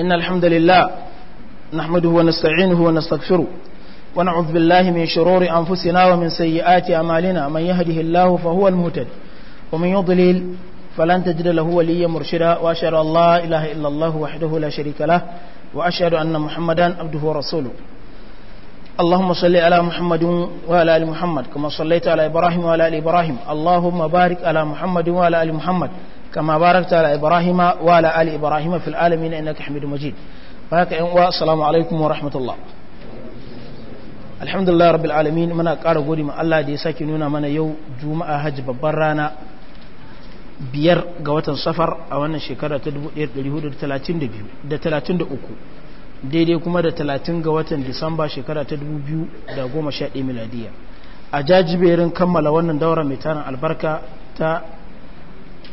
إن الحمد لله نحمده ونستعينه ونستغفره ونعوذ بالله من شرور أنفسنا ومن سيئات أمالنا من يهده الله فهو المهتد ومن يضلل فلن تجد له وليا مرشدا وأشهد أن لا إله إلا الله وحده لا شريك له وأشهد أن محمدا عبده ورسوله اللهم صل على محمد وعلى آل محمد كما صليت على إبراهيم وعلى آل إبراهيم اللهم بارك على محمد وعلى آل محمد كما باركت على إبراهيم وعلى آل إبراهيم في العالمين إنك حميد مجيد بارك أنواع السلام عليكم ورحمة الله الحمد لله رب العالمين منا قال قولي ما الله دي ساكنونا منا يو جمعة هج ببرانا biyar ga watan safar a wannan shekara ta 1432 da 33 daidai kuma da 30 ga watan disamba shekara ta 2011 miladiya a jajiberin kammala wannan daura mai tarin albarka ta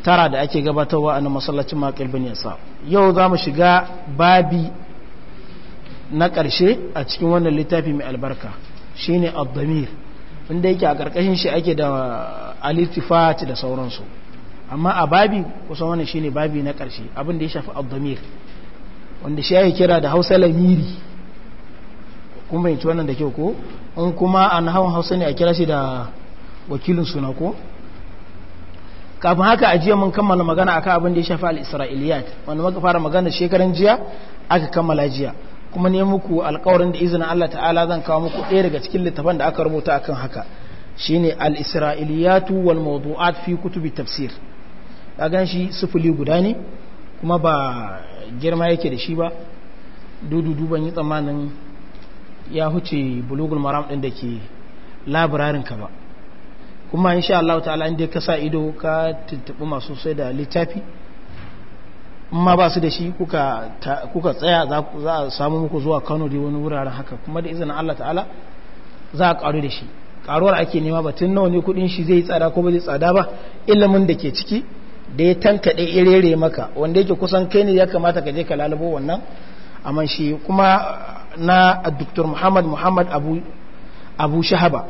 tara da ake gabatarwa a na masallacin makil bin yasa yau za mu shiga babi na ƙarshe a cikin wannan littafi mai albarka shine abdamir inda yake a ƙarƙashin shi ake da alitifat da sauransu amma a babi kusan wannan shine babi na ƙarshe abin da ya shafi abdamir wanda shi ya kira da hausa lamiri kun bayanci wannan da kyau ko in kuma an hawan hausa ne a kira shi da wakilin suna ko kafin haka a jiya mun kammala magana akan abin da ya shafi al wanda muka fara magana shekaran jiya aka kammala jiya kuma ne muku alƙawarin da izinin Allah ta'ala zan kawo muku ɗaya daga cikin littafan da aka rubuta akan haka shine al-isra'iliyatu wal mawdu'at fi kutubi tafsir ka gan shi sufuli guda ne kuma ba girma yake da shi ba dududu ban yi tsammanin ya huce bulugul maram ɗin da ke ka ba kuma in sha Allah ta'ala inda ka sa ido ka tuntuɓi masu sai da littafi ma ba su da shi kuka tsaya za a samu muku zuwa kano da wani wuraren haka kuma da izinin Allah ta'ala za a karu da shi karuwar ake nema ba tun nawa ne kudin shi zai tsada ko ba zai tsada ba ilimin da ke ciki da ya tankaɗe irere maka wanda yake kusan kai ne ya kamata ka je ka lalubo wannan amma shi kuma na dr muhammad muhammad abu abu shahaba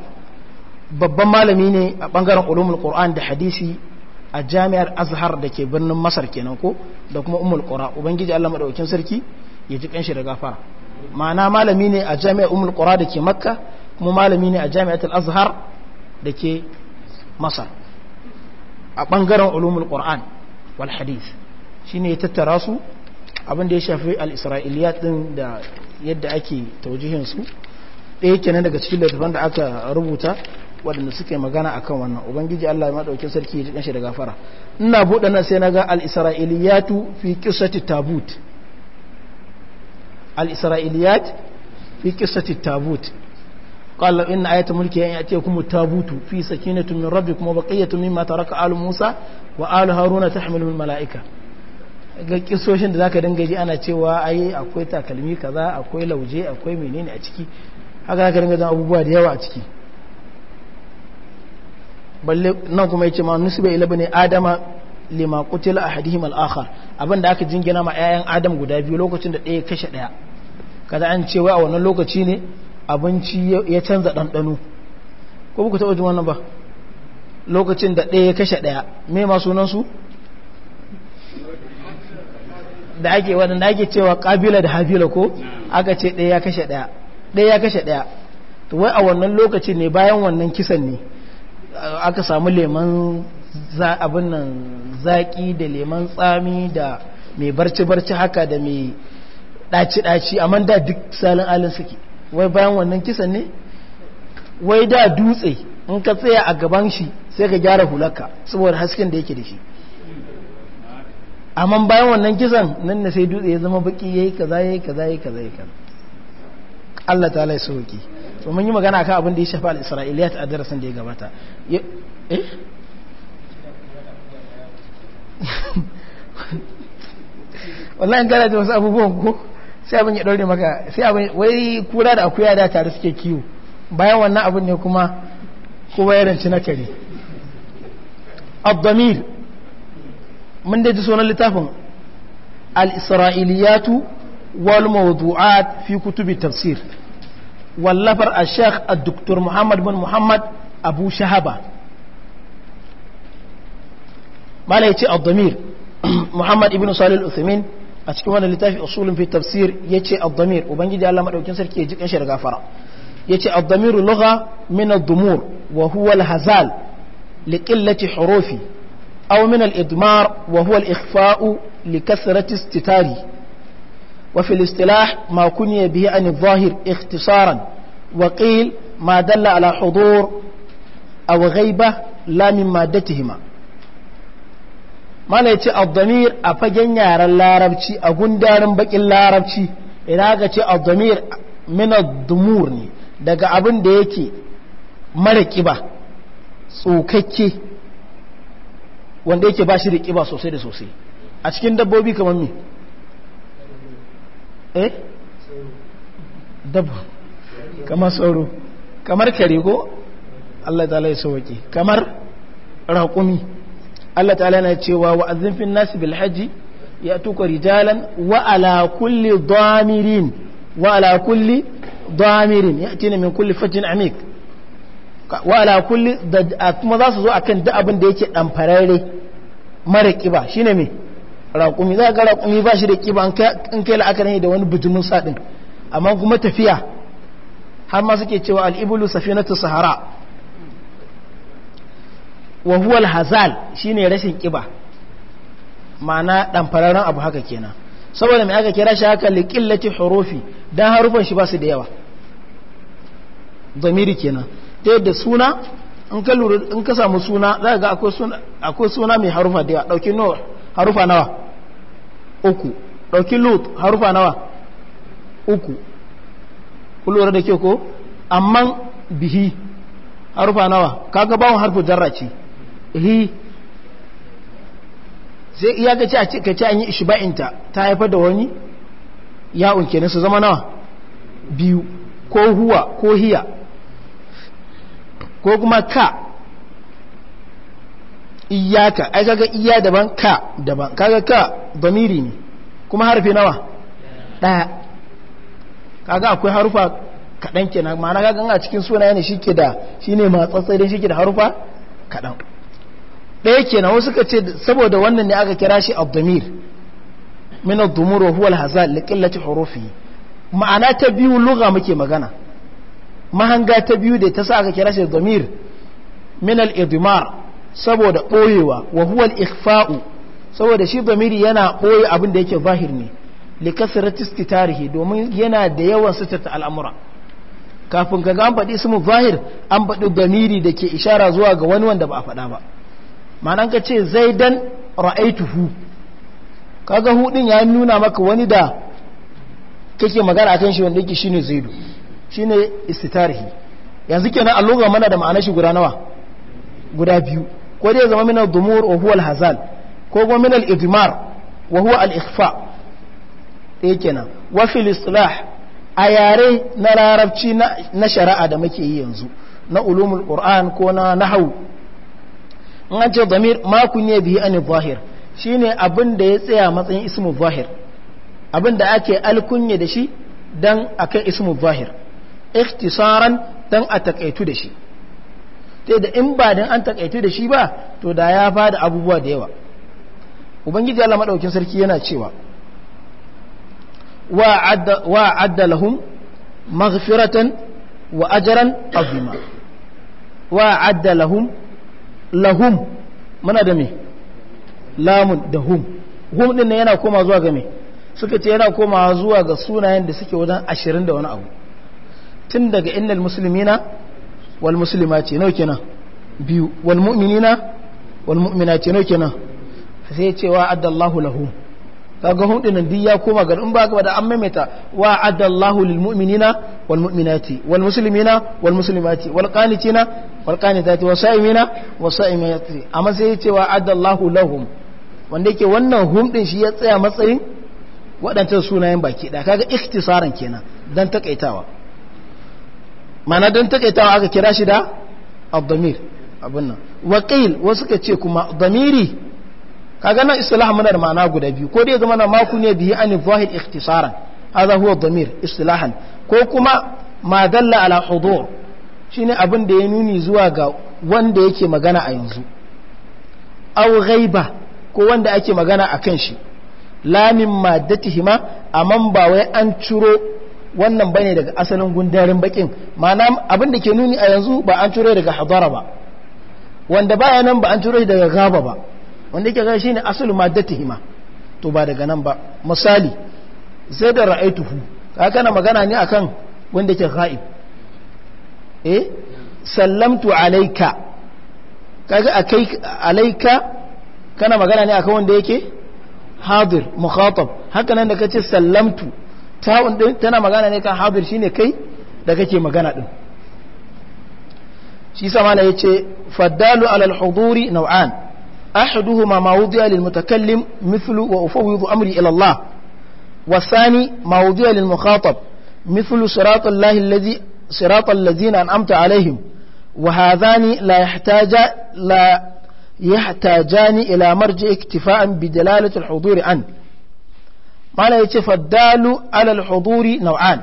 babban malami ne a bangaren ulumul qur'an da hadisi a jami'ar azhar da ke birnin masar kenan ko da kuma umul qura ubangiji Allah madaukakin sarki ya ji kanshi da gafara ma'ana malami ne a jami'ar umul qura da ke makka kuma malami ne a jami'atul azhar da ke masar a bangaren ulumul qur'an wal hadith shine ya tattara su abin da ya shafi al-isra'iliyat din da yadda ake tawjihin su ɗaya kenan daga cikin littafin da aka rubuta waɗanda suke magana a kan wannan ubangiji Allah ya madauke sarki ya ji kanshi da gafara ina buɗe nan sai naga al-isra'iliyatu fi qissati tabut al-isra'iliyat fi qissati tabut قال إن آية ملكي أن يأتيكم التابوت في سكينة من ربكم وبقية مما ترك آل موسى وآل هارون تحمل الملائكة ga kisoshin da zaka danga ji ana cewa ai akwai takalmi kaza akwai lauje akwai menene a ciki haka zaka danga jin abubuwa da yawa a ciki balle nan kuma yace ma nusiba ila bani adama lima qutila ahadihim al-akhar abinda aka jingina ma ƴaƴan adam guda biyu lokacin da ɗaya kashe ɗaya kaza an ce wai a wannan lokaci ne abinci ya canza ɗanɗano ko ku taɓa jin wannan ba lokacin da ɗaya kashe ɗaya me ma sunan su da ake waɗanda ake cewa Kabila da habila ko aka ce ɗaya ya kashe ɗaya ɗaya ya kashe ɗaya to wai a wannan lokaci ne bayan wannan kisan ne aka samu lemon za abin nan zaki da lemon tsami da mai barci-barci haka da mai ɗaci-ɗaci amma da duk salin alin suke wai bayan wannan kisan ne wai da dutse in ka tsaye a gaban shi sai ka gyara hulaka saboda hasken da yake da shi amma bayan wannan kisan nan na sai dutse ya zama baki yayi kaza yayi kaza yayi kaza yayi kaza Allah ta ya sauke to mun yi magana kan abin da ya shafi al-isra'iliyat a darasin da ya gabata eh wallahi in gara da wasu abubuwan ko sai abin ya daure maka sai abin wai kura da akuya da tare suke kiwo bayan wannan abin ne kuma kowa ya ranci na kare abdamir mun da ji sunan littafin al-isra'iliyatu wal mawdu'at fi kutubi tafsir wallafar a sheikh a doktor muhammad bin muhammad abu shahaba mala ya ce abdamir muhammad ibn salil uthamin a cikin wani littafi usulun fi tafsir ya ce abdamir ubangiji allah maɗaukin sarki ya ji ƙanshi da gafara ya ce abdamiru lugha min ad-dumur wa huwa al-hazal li qillati hurufi aw min al-idmar wa huwa al-ikhfa'u li kasrati istitari وفي الاصطلاح ما كني به عن الظاهر اختصارا وقيل ما دل على حضور أو غيبة لا من مادتهما mana ya ce abdamir a fagen yaren larabci a gundarin baƙin larabci ina ga ce abdamir minadumur ne daga abin da yake mara kiba tsokakke wanda yake ba shi da kiba sosai da sosai a cikin dabbobi kamar me eh dabba kamar sauro kamar kare Allah ta'ala ya sauke kamar raƙumi Allah ta'ala na cewa wa azinfin nasi bil haji ya tuka rijalan wa ala kulli damirin wa ala kulli damirin ya tina min kulli fajin amik wa ala kulli da kuma za su zo akan duk abin da yake dan farare mara kiba shine me raƙumi za ga raƙumi ba shi da ƙiba in kai la'akari da wani bijimin saɗin amma kuma tafiya har ma suke cewa al'ibulu safinatu sahara wa hazal hazal shine rashin ƙiba ma'ana fararen abu haka kenan saboda mai aka kira shi haka liƙillati hurufi don harufan shi ba su da yawa zamiri kenan ta yadda suna in ka samu suna za ga akwai suna mai harufa da yawa ɗauki harufa nawa uku ɗauki lut harufa nawa uku kulura da ke ko amma bihi harufa nawa kaga bawon harfu jarra ce hi sai iya ka ce ka ce an yi ishba'inta ta haifar da wani ya unke nasu zama nawa biyu ko huwa ko hiya ko kuma ka iyaka ai kaga iya daban ka daban kaga ka damiri ne kuma harfi nawa daya kaga akwai harufa kadan kenan ma'ana kaga a cikin sunaye ne shike da shine matsatsarin shike da harufa kadan daya kenan wasu suka ce saboda wannan ne aka kira shi abdamir damir min ad-dumur wa huwa al-hazal li qillati hurufi ma'ana ta biyu lugha muke magana mahanga ta biyu da ta sa aka kira shi damir min al-idmar saboda ɓoyewa wa huwal ikhfa'u saboda shi zamiri yana ɓoye abin da yake zahir ne likasiratis tarihi domin yana da yawan sitata al'amura kafin ka an faɗi ismu zahir an faɗi zamiri da ke ishara zuwa ga wani wanda ba a faɗa ba ma'anan ka ce zaidan ra'aituhu kaga hu din ya nuna maka wani da kake magana akan shi wanda yake shine zaidu shine istitarihi yanzu kenan alloga mana da ma'anar shi guda nawa guda biyu ko dai zama min al-dumur wa huwa al-hazal ko kuma min al-idmar wa huwa al-ikhfa kenan wa fil islah a yare na larabci na shari'a da muke yi yanzu na ulumul qur'an ko na nahwu in an ce damir ma kunye bihi an zahir shine abin da ya tsaya matsayin ismu zahir abin da ake alkunye da shi dan akai ismu zahir ikhtisaran dan a takaitu da shi ta da in ba dan an takaita da shi ba to da ya da abubuwa da yawa ubangiji Allah madaukin sarki yana cewa wa adda wa maghfiratan wa ajran azima wa adda lahum muna da me lamun da hum hum din yana koma zuwa ga me suka ce yana koma zuwa ga sunayen da suke wajen ashirin da wani abu tun daga innal muslimina wal muslimati nawa kenan biyu wal mu'minina wal mu'minati nawa kenan sai wa addallahu lahu kaga hudin nan ya koma ga in ba ga da an maimaita wa addallahu lil mu'minina wal mu'minati wal muslimina wal muslimati wal qanitina wal qanitati wa sa'imina wa sa'imati amma sai ya ce wa addallahu lahum wanda yake wannan hum din shi ya tsaya matsayin waɗancan sunayen baki da kaga ikhtisaran kenan dan takaitawa mana don takaitawa aka kira shi da abdomir abin nan wakil wasu ka ce kuma damiri kaga nan istilah muna da ma'ana guda biyu ko dai zama na maku ne biyi an zahir ikhtisaran hadha huwa damir istilahan ko kuma ma dalla ala hudur shine abin da ya nuni zuwa ga wanda yake magana a yanzu aw ghaiba ko wanda ake magana a kan shi la min maddatihima amman ba wai an ciro wannan bane daga asalin gundarin bakin ma'ana abin da ke nuni a yanzu ba an ture daga hadara ba wanda baya nan ba an ture daga gaba ba wanda yake ga shine asalu maddatihima to ba daga nan ba misali sai da ra'aituhu ka kana magana ne akan wanda yake ghaib eh sallamtu alayka kaga akai alayka kana magana ne akan wanda yake hadir mukhatab haka nan da kace sallamtu ta'un din tana magana ne kan hadir shine kai da kake magana din shi sama la yace faddalu ala al-huduri naw'an ahaduhuma mawdi'a lil-mutakallim mithlu wa ufawwidu amri ila Allah wa thani mawdi'a lil-mukhatab mithlu sirat Allah an'amta alayhim wa hadhani la yahtaja la ila marji'i iktifa'an bi dalalati huduri an mana ya ce faddalu alal huduri nau'an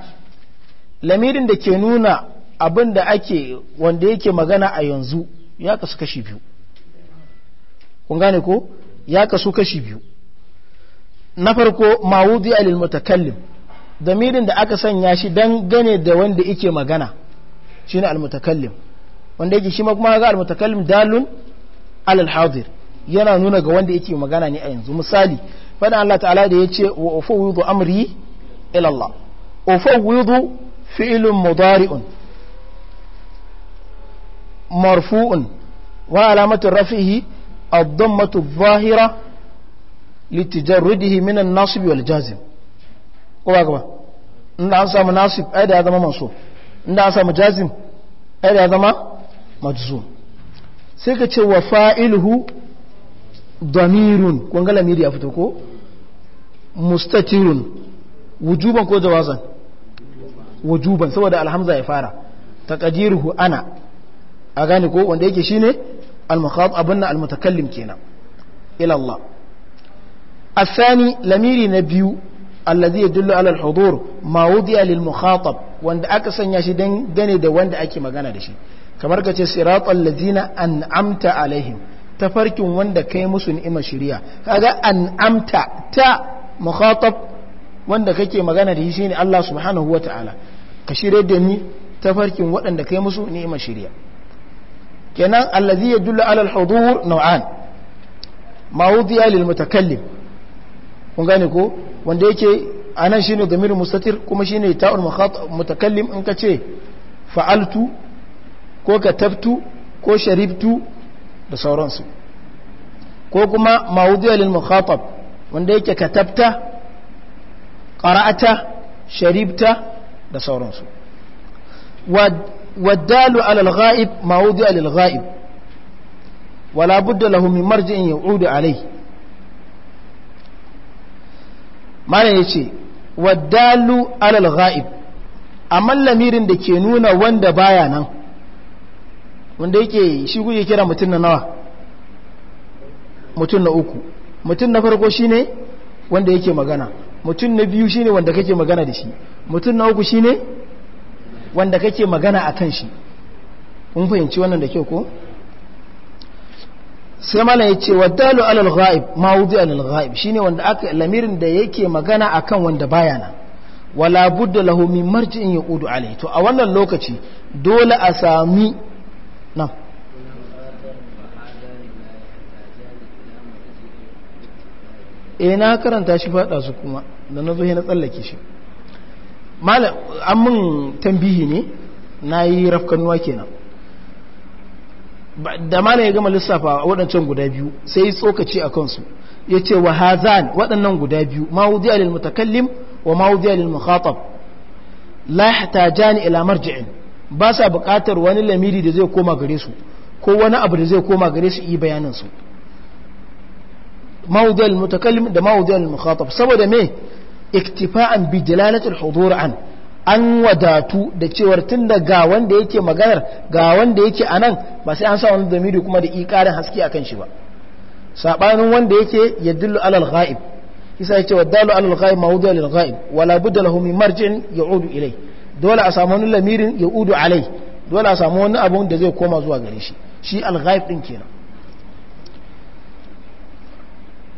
lamirin da ke nuna abin da ake wanda yake magana a yanzu ya kasu kashi biyu kun gane ko ya kasu kashi biyu na farko mawudi alil mutakallim damirin da aka sanya shi don gane da wanda yake magana shi ne almutakallim wanda yake shi kuma ga almutakallim mutakallim dalun alal hadir yana nuna ga wanda yake magana ne a yanzu misali fada Allah ta'ala da ya ce wa ufawwidu amri ila Allah ufawwidu fi'lun mudari'un marfu'un wa alamatu rafihi ad-dammatu adh-dhahira litijarrudihi min an-nasb wal jazm ko ba ba inda an samu nasib ai da ya zama mansub inda an samu jazm ai da ya zama majzum sai ka ce wa fa'iluhu damirun kun ga lamiri ya fito ko mustatirun wujuban ko jawazan wujuban saboda alhamza ya fara taqdiruhu ana a gane ko wanda yake shine al-mukhatab abunna al-mutakallim kenan ila Allah الثاني لميري نبيو الذي يدل على الحضور ما وضع للمخاطب وند aka sanya shi dangane da wanda ake magana da shi kamar kace siratal ladina an'amta alaihim tafarkin wanda kai musu ni'imar shari'a kaga an'amta ta mukhatab wanda kake magana da shi shine Allah subhanahu wataala ka shirye da ni tafarkin waɗanda kai musu ni'imar shirya kenan allazi yadullu ala al-hudur naw'an ma wudiya lil mutakallim kun gane ko wanda yake anan shine damir mustatir kuma shine ta'ul mutakallim in kace fa'altu ko kataftu ko sharibtu da sauransu ko kuma ma wudiya lil mukhatab wanda yake katabta ƙara'ata sharibta da sauransu waddalu alal ghaib mawudu alal ghaib wala budda lahu min marji'in yu'udu alai malam yace waddalu alal ghaib amma lamirin da ke nuna wanda baya nan wanda yake shi guje kira mutum na nawa mutum na uku mutum na farko shine wanda yake magana mutum na biyu shine wanda kake magana da shi mutum na uku shine wanda kake magana a kan shi kun fahimci wannan da kyau ko sai mana ya ce waddalu alal ghaib wuzi alal ghaib shine wanda aka lamirin da yake magana a kan wanda baya nan wala budda lahu min marji'in udu alai to a wannan lokaci dole a sami nan eh na karanta shi fada su kuma da na zo na tsallake shi an mun tambihi ne na yi rafkanuwa kenan da malam ya gama lissafa a waɗancan guda biyu sai ya tsokaci a kansu ya ce wa hazan waɗannan guda biyu mawudi alil mutakallim wa mawudi alil mukhatab la jani ila marji'in ba sa buƙatar wani lamiri da zai koma gare su ko wani abu da zai koma gare su yi bayanin su موضع المتكلم ده موضع المخاطب saboda me iktifa'an bi jalalatul hudur an an wadatu da cewar tun da ga wanda yake maganar ga wanda yake anan ba sai an sa wani damiri kuma da ikarin haske akan shi ba sabanin wanda yake yadullu alal ghaib isa yace wadalu alal ghaib mawdu lil ghaib wala budda lahu min marjin yaudu ilai dole a samu wani lamirin yaudu alai dole a samu wani abun da zai koma zuwa gare shi shi al ghaib din kenan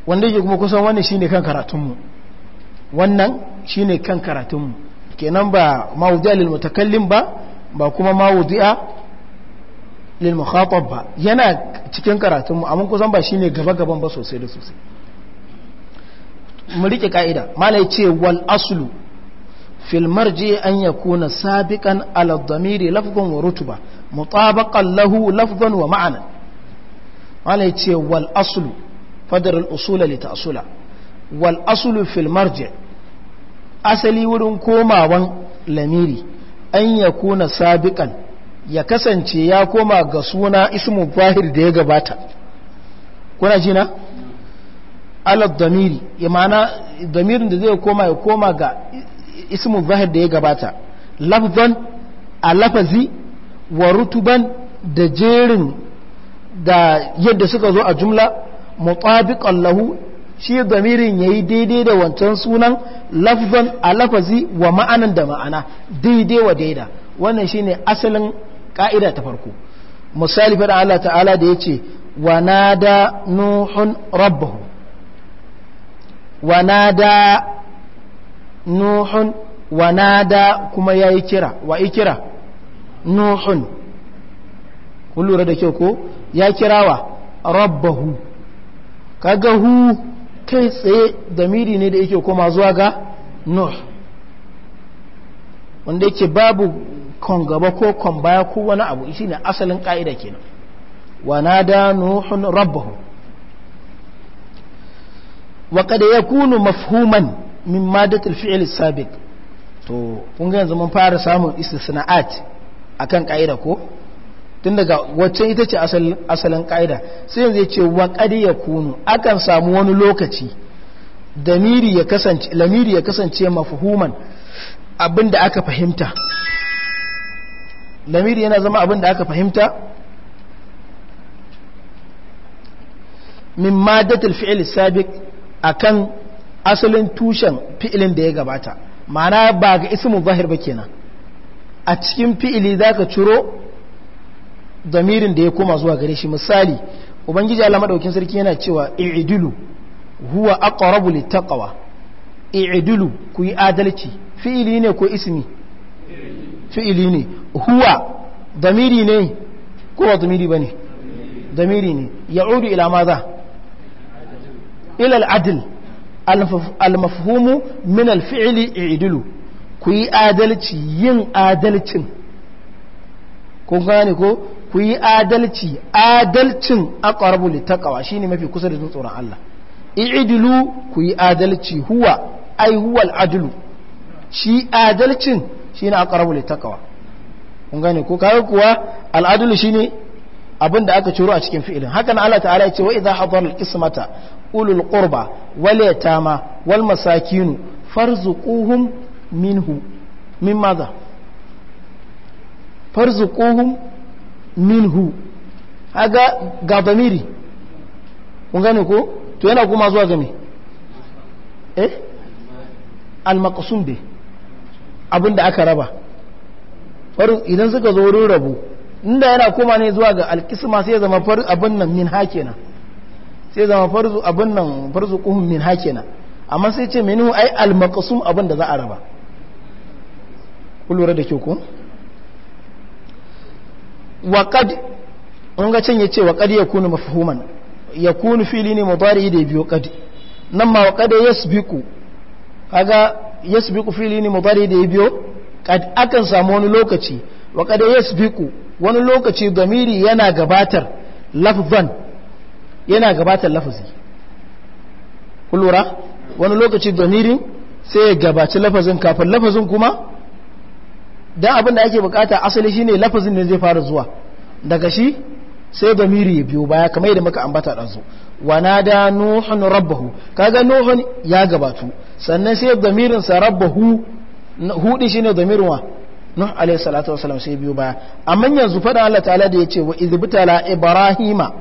wanda yake kuma kusan wannan shine kan karatunmu wannan shine kan karatunmu kenan ba mawdu'a lil mutakallim ba ba kuma mawdi'a lil mukhatab ba yana cikin karatunmu amma kusan ba shine gaba gaban ba sosai da sosai mu rike ka'ida malai ce wal aslu an sabiqan ala dhamiri lafzan wa rutba mutabaqan lahu lafzan wa ma'ana malai ce wal aslu. qadar al-usul li wal aslu fil marji asali wurin komawan lamiri an yakuna sabiqan ya kasance ya koma ga suna ismu zahir da ya gabata kuna jina ala damiri imana damirin da zai koma ya koma ga ismu zahir da ya gabata lafzan a lafazi wa rutuban da jerin da yadda suka zo a jumla mutabiqan lahu shi damirin yayi daidai da wancan sunan lafzan a lafazi wa ma'anan da ma'ana daidai wa daida wannan shine asalin ka'ida ta farko misali fa Allah ta'ala da yace wa nada nuhun rabbahu wa nada nuhun wa nada kuma kira wa ikira nuhun kun lura da kyau ko ya kirawa rabbahu kaga hu kai tsaye damiri ne da yake koma zuwa ga nuh wanda yake babu kon gaba ko kon baya ko wani abu ne asalin ka'ida kenan wa nada nuhun rabbahu wa ya yakunu mafhuman min madatil fi'l sabiq to kun ga yanzu mun fara samun istisna'at akan ka'ida ko tun daga waccan ita ce asalin ƙa'ida sai yanzu ya ce wa ya kunu akan samu wani lokaci lamiri ya kasance mafuhuman abinda aka fahimta lamiri yana zama abinda aka fahimta min madatul fi'il sabiq akan asalin tushen fi'ilin da ya gabata ma'ana ba ga ismu zahir ba kenan a cikin fi'ili zaka ciro damirin da ya koma zuwa gare shi misali ubangiji Allah madaukin sarki yana cewa i'dilu huwa aqrabu littaqwa i'dilu ku yi adalci fi'ili ne ko ismi fi'ili ne huwa damiri ne ko ba damiri bane damiri ne ya'udu ila maza ila al'adl al-mafhumu min al-fi'li i'dilu ku yi adalci yin adalcin ko gane ko ku yi adalci adalcin aqrabu littaqwa shine mafi kusa da tsoron Allah i'dilu ku yi adalci huwa ai huwa adlu shi adalcin shine aqrabu littaqwa kun gane ko kai kuwa al'adlu shine abin da aka ciro a cikin fi'ilin hakan Allah ta'ala ya ce wa idza hadara al-qismata ulul qurba wal yatama wal masakin farzuquhum minhu min za farzuquhum minhu haga ga damiri kun gane ko to yana kuma zuwa game eh al-maqsum bi abinda aka raba farin idan suka zo wurin rabu inda yana kuma ne zuwa ga alkisma sai zama farin abin nan min hakena sai zama farzu abin nan farzu kuhun min hakena amma sai ce minhu ai al-maqsum abinda da za a raba ku lura da kyau ko wa qad on ga can yace wa qad yakunu mafhuman yakunu fili ne mudari da biyo qad nan ma wa qad yasbiqu kaga yasbiqu fili ne mudari da biyo qad akan samu wani lokaci wa ya yasbiqu wani lokaci damiri yana gabatar lafzan yana gabatar lafazi kullura wani lokaci damirin sai ya gabaci lafazin kafin lafazin kuma don abin da ake bukata asali shi ne lafazin ne zai fara zuwa daga shi sai damiri ya biyo baya kamar yadda muka ambata ɗansu da nuhun rabahu kaga nuhun ya gabatu sannan sai damirinsa rabahu hudu shi ne da wa nuh alayhi salatu sai biyo baya amma yanzu fada Allah ta'ala da ce wa izbitala ibrahima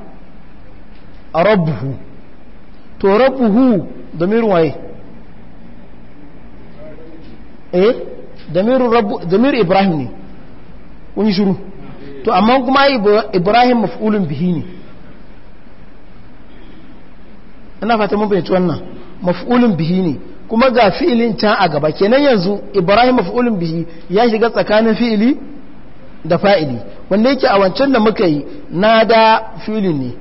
a rabbuhu to rabbuhu damirin waye eh damir ibrahim ne kun shiru to amma kuma ibrahim maf'ulun bihi ne ana fata mun fahimci wannan maf'ulun bihi ne kuma ga fi'ilin can a gaba kenan yanzu ibrahim maf'ulun bihi ya shiga tsakanin fi'ili da fa'ili wanda yake a wancan da muka yi na da fi'ilin ne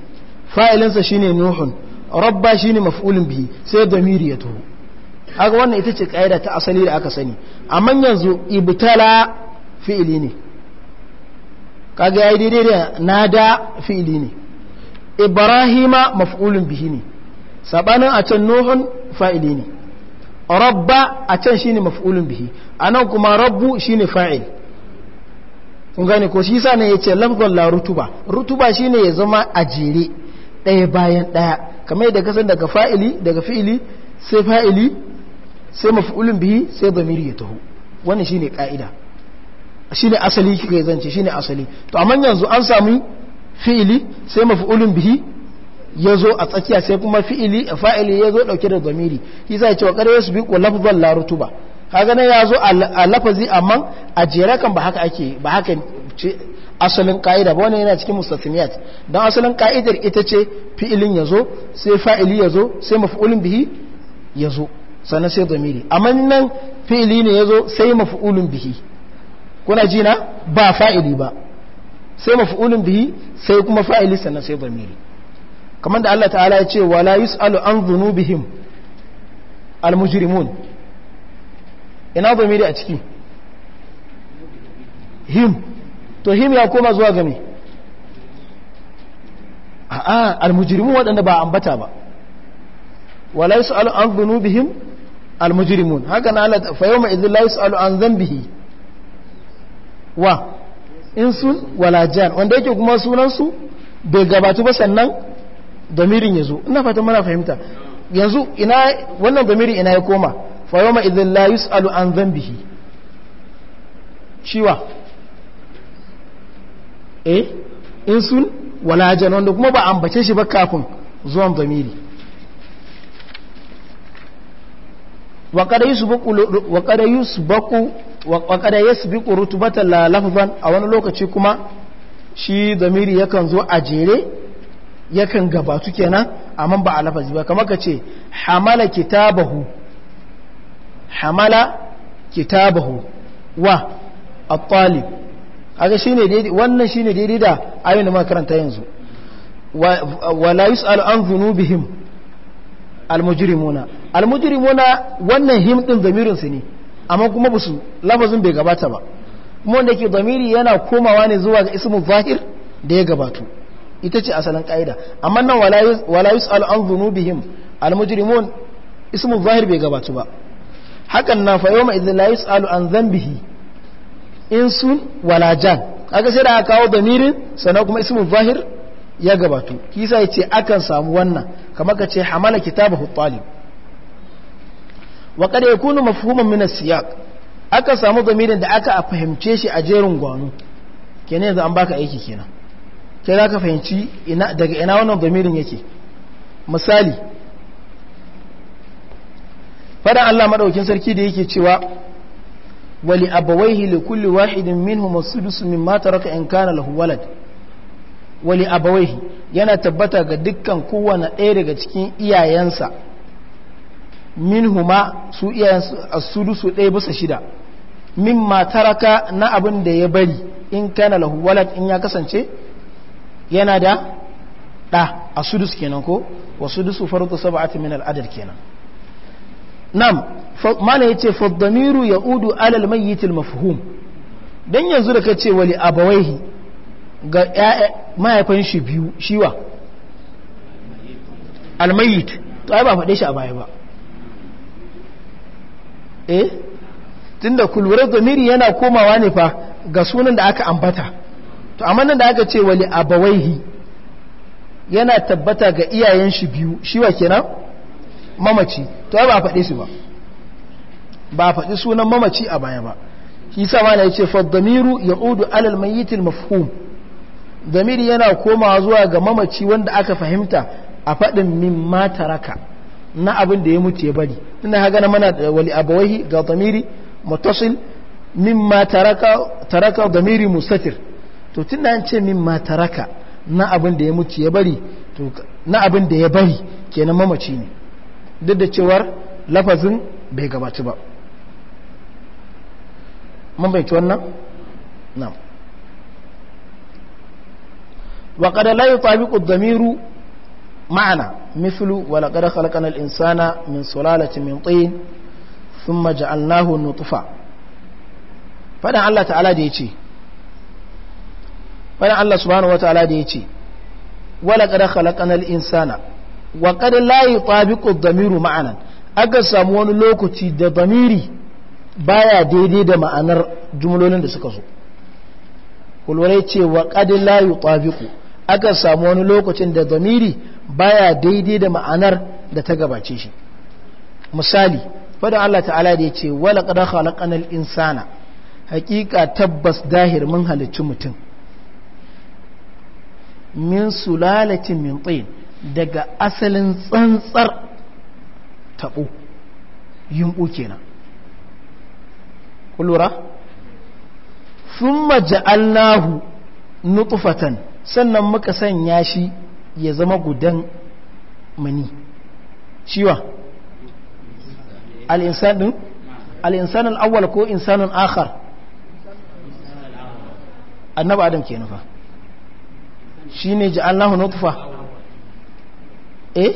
fa'ilinsa shine nuhun rabba shine maf'ulun bihi sai damiri ya tuhu haka wannan ita ce ƙa'ida ta asali da aka sani amma yanzu ibtala fi'ili ne kaga yi daidai da nada fi'ili ne ibrahima maf'ulun bihi ne sabanin a can nohon fa'ili ne rabba a can shine maf'ulun bihi anan kuma rabbu shine fa'il kun gane ko shi sa ne yace lafzul la rutuba rutuba shine ya zama a jere ɗaya bayan ɗaya kamar yadda kasan daga fa'ili daga fi'ili sai fa'ili sai maf'ulun bihi sai zamiri ya taho wannan shine ka'ida shine asali kika zance shine asali to amma yanzu an sami fi'ili sai maf'ulun bihi yazo a tsakiya sai kuma fi'ili fa'ili ya zo dauke da zamiri shi zai ce wa kare su bi ko lafzan la rutuba kaga ne ya a lafazi amma a jere kan ba haka ake ba haka asalin ka'ida ba wannan yana cikin mustatsimiyat dan asalin ka'idar ita ce fi'ilin yazo zo sai fa'ili yazo zo sai maf'ulun bihi yazo sannan sai domini amma nan fili ne ya zo sai mafi'ulun bihi kuna ji na ba fa'ili ba sai mafi'ulun bihi sai kuma fa'ili sannan sai domini kamar da Allah ta'ala ya ce yi su’alu an dhunubihim almujirimun ina domini a ciki him to him ya koma zuwa game a'a almujirimun waɗanda ba ambata ba wala yus'alu an dhunubihim almujrimun haka na Allah fa yawma idhil la yusalu an dhanbihi wa insun wala jan wanda yake kuma sunan bai gabatu ba sannan damirin yazo ina fatan muna fahimta yanzu ina wannan damirin ina ya koma fa yawma idhil la yusalu an dhanbihi ciwa eh insun wala jan wanda kuma ba ambace shi ba kafin zuwan damiri wa kada yi su وقد يسبق رتبة a wani lokaci kuma لوكا shi zamiri yakan zo a jere yakan gabatu kenan amma ba a lafazi ba kamar ka ce hamala kitabahu hamala kitabahu wa a talib kaga shine daidai wannan shine daidai da ayyana da yanzu karanta yanzu wala yus'alu an dhunubihim almujrimuna almujrimuna wannan him din zamirin su ne amma kuma busu lafazin bai gabata ba kuma wanda ke zamiri yana komawa ne zuwa ga ismu zahir da ya gabatu ita ce asalin ka'ida amma nan wala yus'alu an dhunubihim almujrimun ismu zahir bai gabatu ba hakan na fa yawma idh la yus'alu an dhanbihi insun wala jan kaga sai da aka kawo damirin sannan kuma ismu zahir ya gabatu kisa ya ce akan samu wannan kamar ka ce hamala kitabu talib wa ya kunu mafhuman min siyaq aka samu zamirin da aka fahimce shi a jerin gwanu kenan yanzu an baka aiki kenan kai ka fahimci daga ina wannan zamirin yake misali fadan Allah madaukin sarki da yake cewa wali abawaihi likulli wahidin minhum as-sudus mimma taraka in kana lahu walad wali abawaihi yana tabbata ga dukkan kowane ɗaya daga cikin iyayensa min huma su iyayensu a sudusu ɗaya bisa shida min mataraka na abin da ya bari in kana lahu in ya kasance yana da ɗa a su kenan ko wa sudusu farko a min al'adar kenan nam mana ya ce faddamiru ya udu alal mayyitil mafhum Don yanzu da ka ce wali abawaihi ga mahaifin shi biyu shiwa almayit to ai ba faɗe shi a baya ba eh tunda Kulwara zamiri yana komawa ne fa ga sunan da aka ambata to amma nan da aka ce wali abawaihi yana tabbata ga iyayen shi biyu shiwa kenan mamaci to ai ba faɗe su ba ba faɗi sunan mamaci a baya ba shi sa ma ya ce fa damiru yaudu alal mayyitil mafhum zamiri yana komawa zuwa ga mamaci wanda aka fahimta a faɗin min mata raka na abin da ya mutu ya bari ina haga na mana wali abawahi ga zamiri mutasil min raka taraka zamiri mustatir to tunda an ce min mata raka na abin da ya mutu ya bari to na abin da ya bari kenan mamaci ne duk da cewar lafazin bai gabatu ba mun bai wannan na'am وقد لا يطابق الضمير معنى مثل ولقد خلقنا الإنسان من سلالة من طين ثم جعلناه نطفة فدع الله تعالى ديتي فدع الله سبحانه وتعالى ديتي ولقد خلقنا الإنسان وقد لا يطابق الضمير معنى aka samu wani lokaci da zamiri baya daidai da ma'anar jumlolin da suka zo kulware ce wa ƙadin layu ƙwabiku aka samu wani lokacin da zamiri baya daidai da ma'anar da ta gabace shi misali da Allah ta'ala da ya ce wala qad khalaqanal insana haqiqa tabbas dahir mun halicci mutum min sulalatin min tin daga asalin tsantsar tabo yumbu kenan kullura thumma ja'alnahu nutfatan sannan muka sanya shi ya zama gudan mani shiwa al'insanin al'insanin awwal ko insanin akhar annaba adam ke nufa shi ne ja'allahu nutfa eh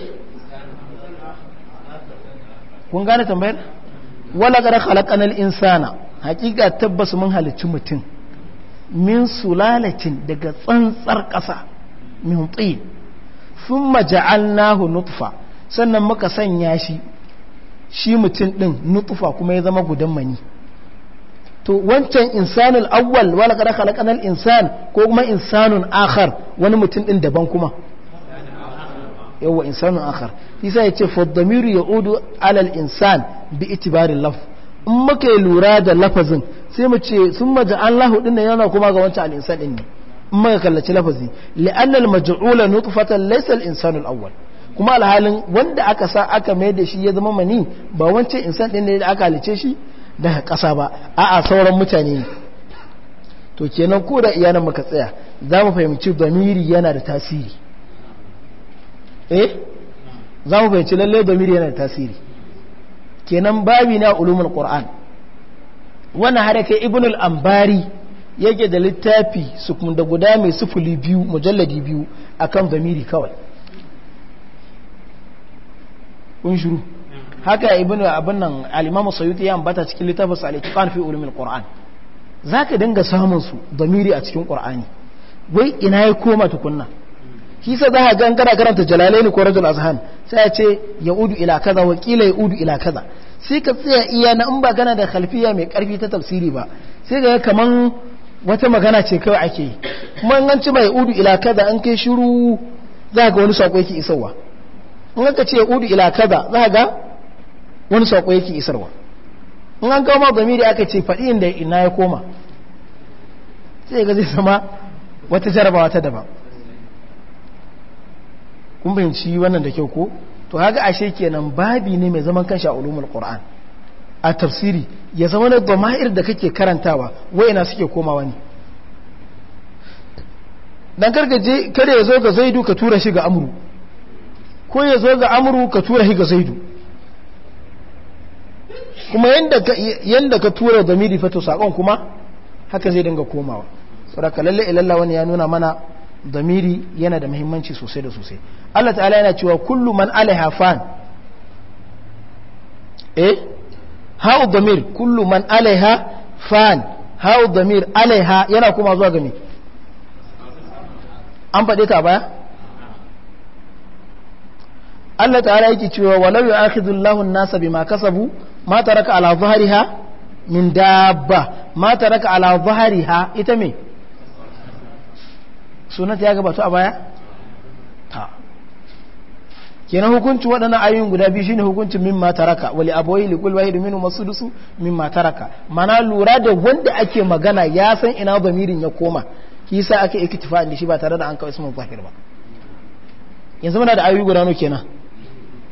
kun gane tambayar wala gara halakanar insana hakika tabbas mun halicci mutum min sulalacin daga tsantsar ƙasa min tsin sun maja'alnahu nutfa sannan muka sanya shi shi mutum ɗin nutfa kuma ya zama gudan mani to wancan insanul awwal wala kada khalaqanal insan ko kuma insanun akhar wani mutum ɗin daban kuma yawa insanun akhar ya yace fa ya yaudu alal insan bi itibari laf. in muka lura da lafazin sai mu ce sun maja allahu ɗin yana kuma ga wancan al'insan ɗin ne in maka kallaci lafazi la'annal maj'ula nutfatan laysa al-insanu al-awwal kuma alhalin wanda aka sa aka mai da shi ya zama mani ba wancan insan ɗin ne da aka halice shi daga kasa ba a'a sauran mutane ne to kenan ko da iyanan muka tsaya za mu fahimci damiri yana da tasiri eh za mu fahimci lallai damiri yana da tasiri kenan babi na ulumul qur'an wannan haraka ibnul ambari yake da littafi su da guda mai sufuli biyu mujalladi biyu akan zamiri kawai kun shiru haka ibn abin nan Alimamu imam sayyidi ya ambata cikin littafin al-itqan fi ulumil Za zaka dinga samun su zamiri a cikin qur'ani wai ina ya koma tukunna shi sa za a gangara karanta jalalaini ko rajul azhan sai ya ce ya udu ila kaza wa kila ya udu ila kaza sai ka tsaya iya na in ba gana da khalfiya mai karfi ta tafsiri ba sai ga kaman wata magana ce kawai ake yi kuma an ci mai udu ila kaza an kai shiru za ga wani sako yake isarwa in aka ce udu ila kaza za ga wani sako yake isarwa in an kawo magami da aka ce faɗi inda ina ya koma sai ga zai zama wata jarabawa ta daban kun bayanci wannan da kyau ko to haka ashe kenan babi ne mai zaman kanshi a ulumul qur'an a tafsiri ya zama na doma'ir da kake karantawa wayana suke komawa ne dan karkaje kada ya zo ga zaidu ka tura shi ga amru ko ya zo ga amru ka tura shi ga zaidu kuma yanda ka tura da miri fato sakon kuma haka zai dinga komawa saboda lalle ilalla wani ya nuna mana damiri yana da muhimmanci sosai da sosai Allah ta'ala yana cewa kullu man alaiha fan eh ha'u damir kullu man alaiha fan ha'u damir alaiha yana kuma zuwa ga me an faɗe ta baya Allah ta'ala yake cewa walau yu'akhidhu Allahu an-nasa bima kasabu ma taraka ala dhahriha min dabba ma taraka ala dhahriha ita me sunanta ya gabatu a baya ta kenan hukuncin waɗannan ayoyin guda biyu shine hukuncin mimma taraka wali aboyi likul wahidu minu masudusu mata raka mana lura da wanda ake magana ya san ina bamirin ya koma kisa ake iktifa da shi ba tare da an kawai ismun zahir ba yanzu muna da ayoyi guda nawa kenan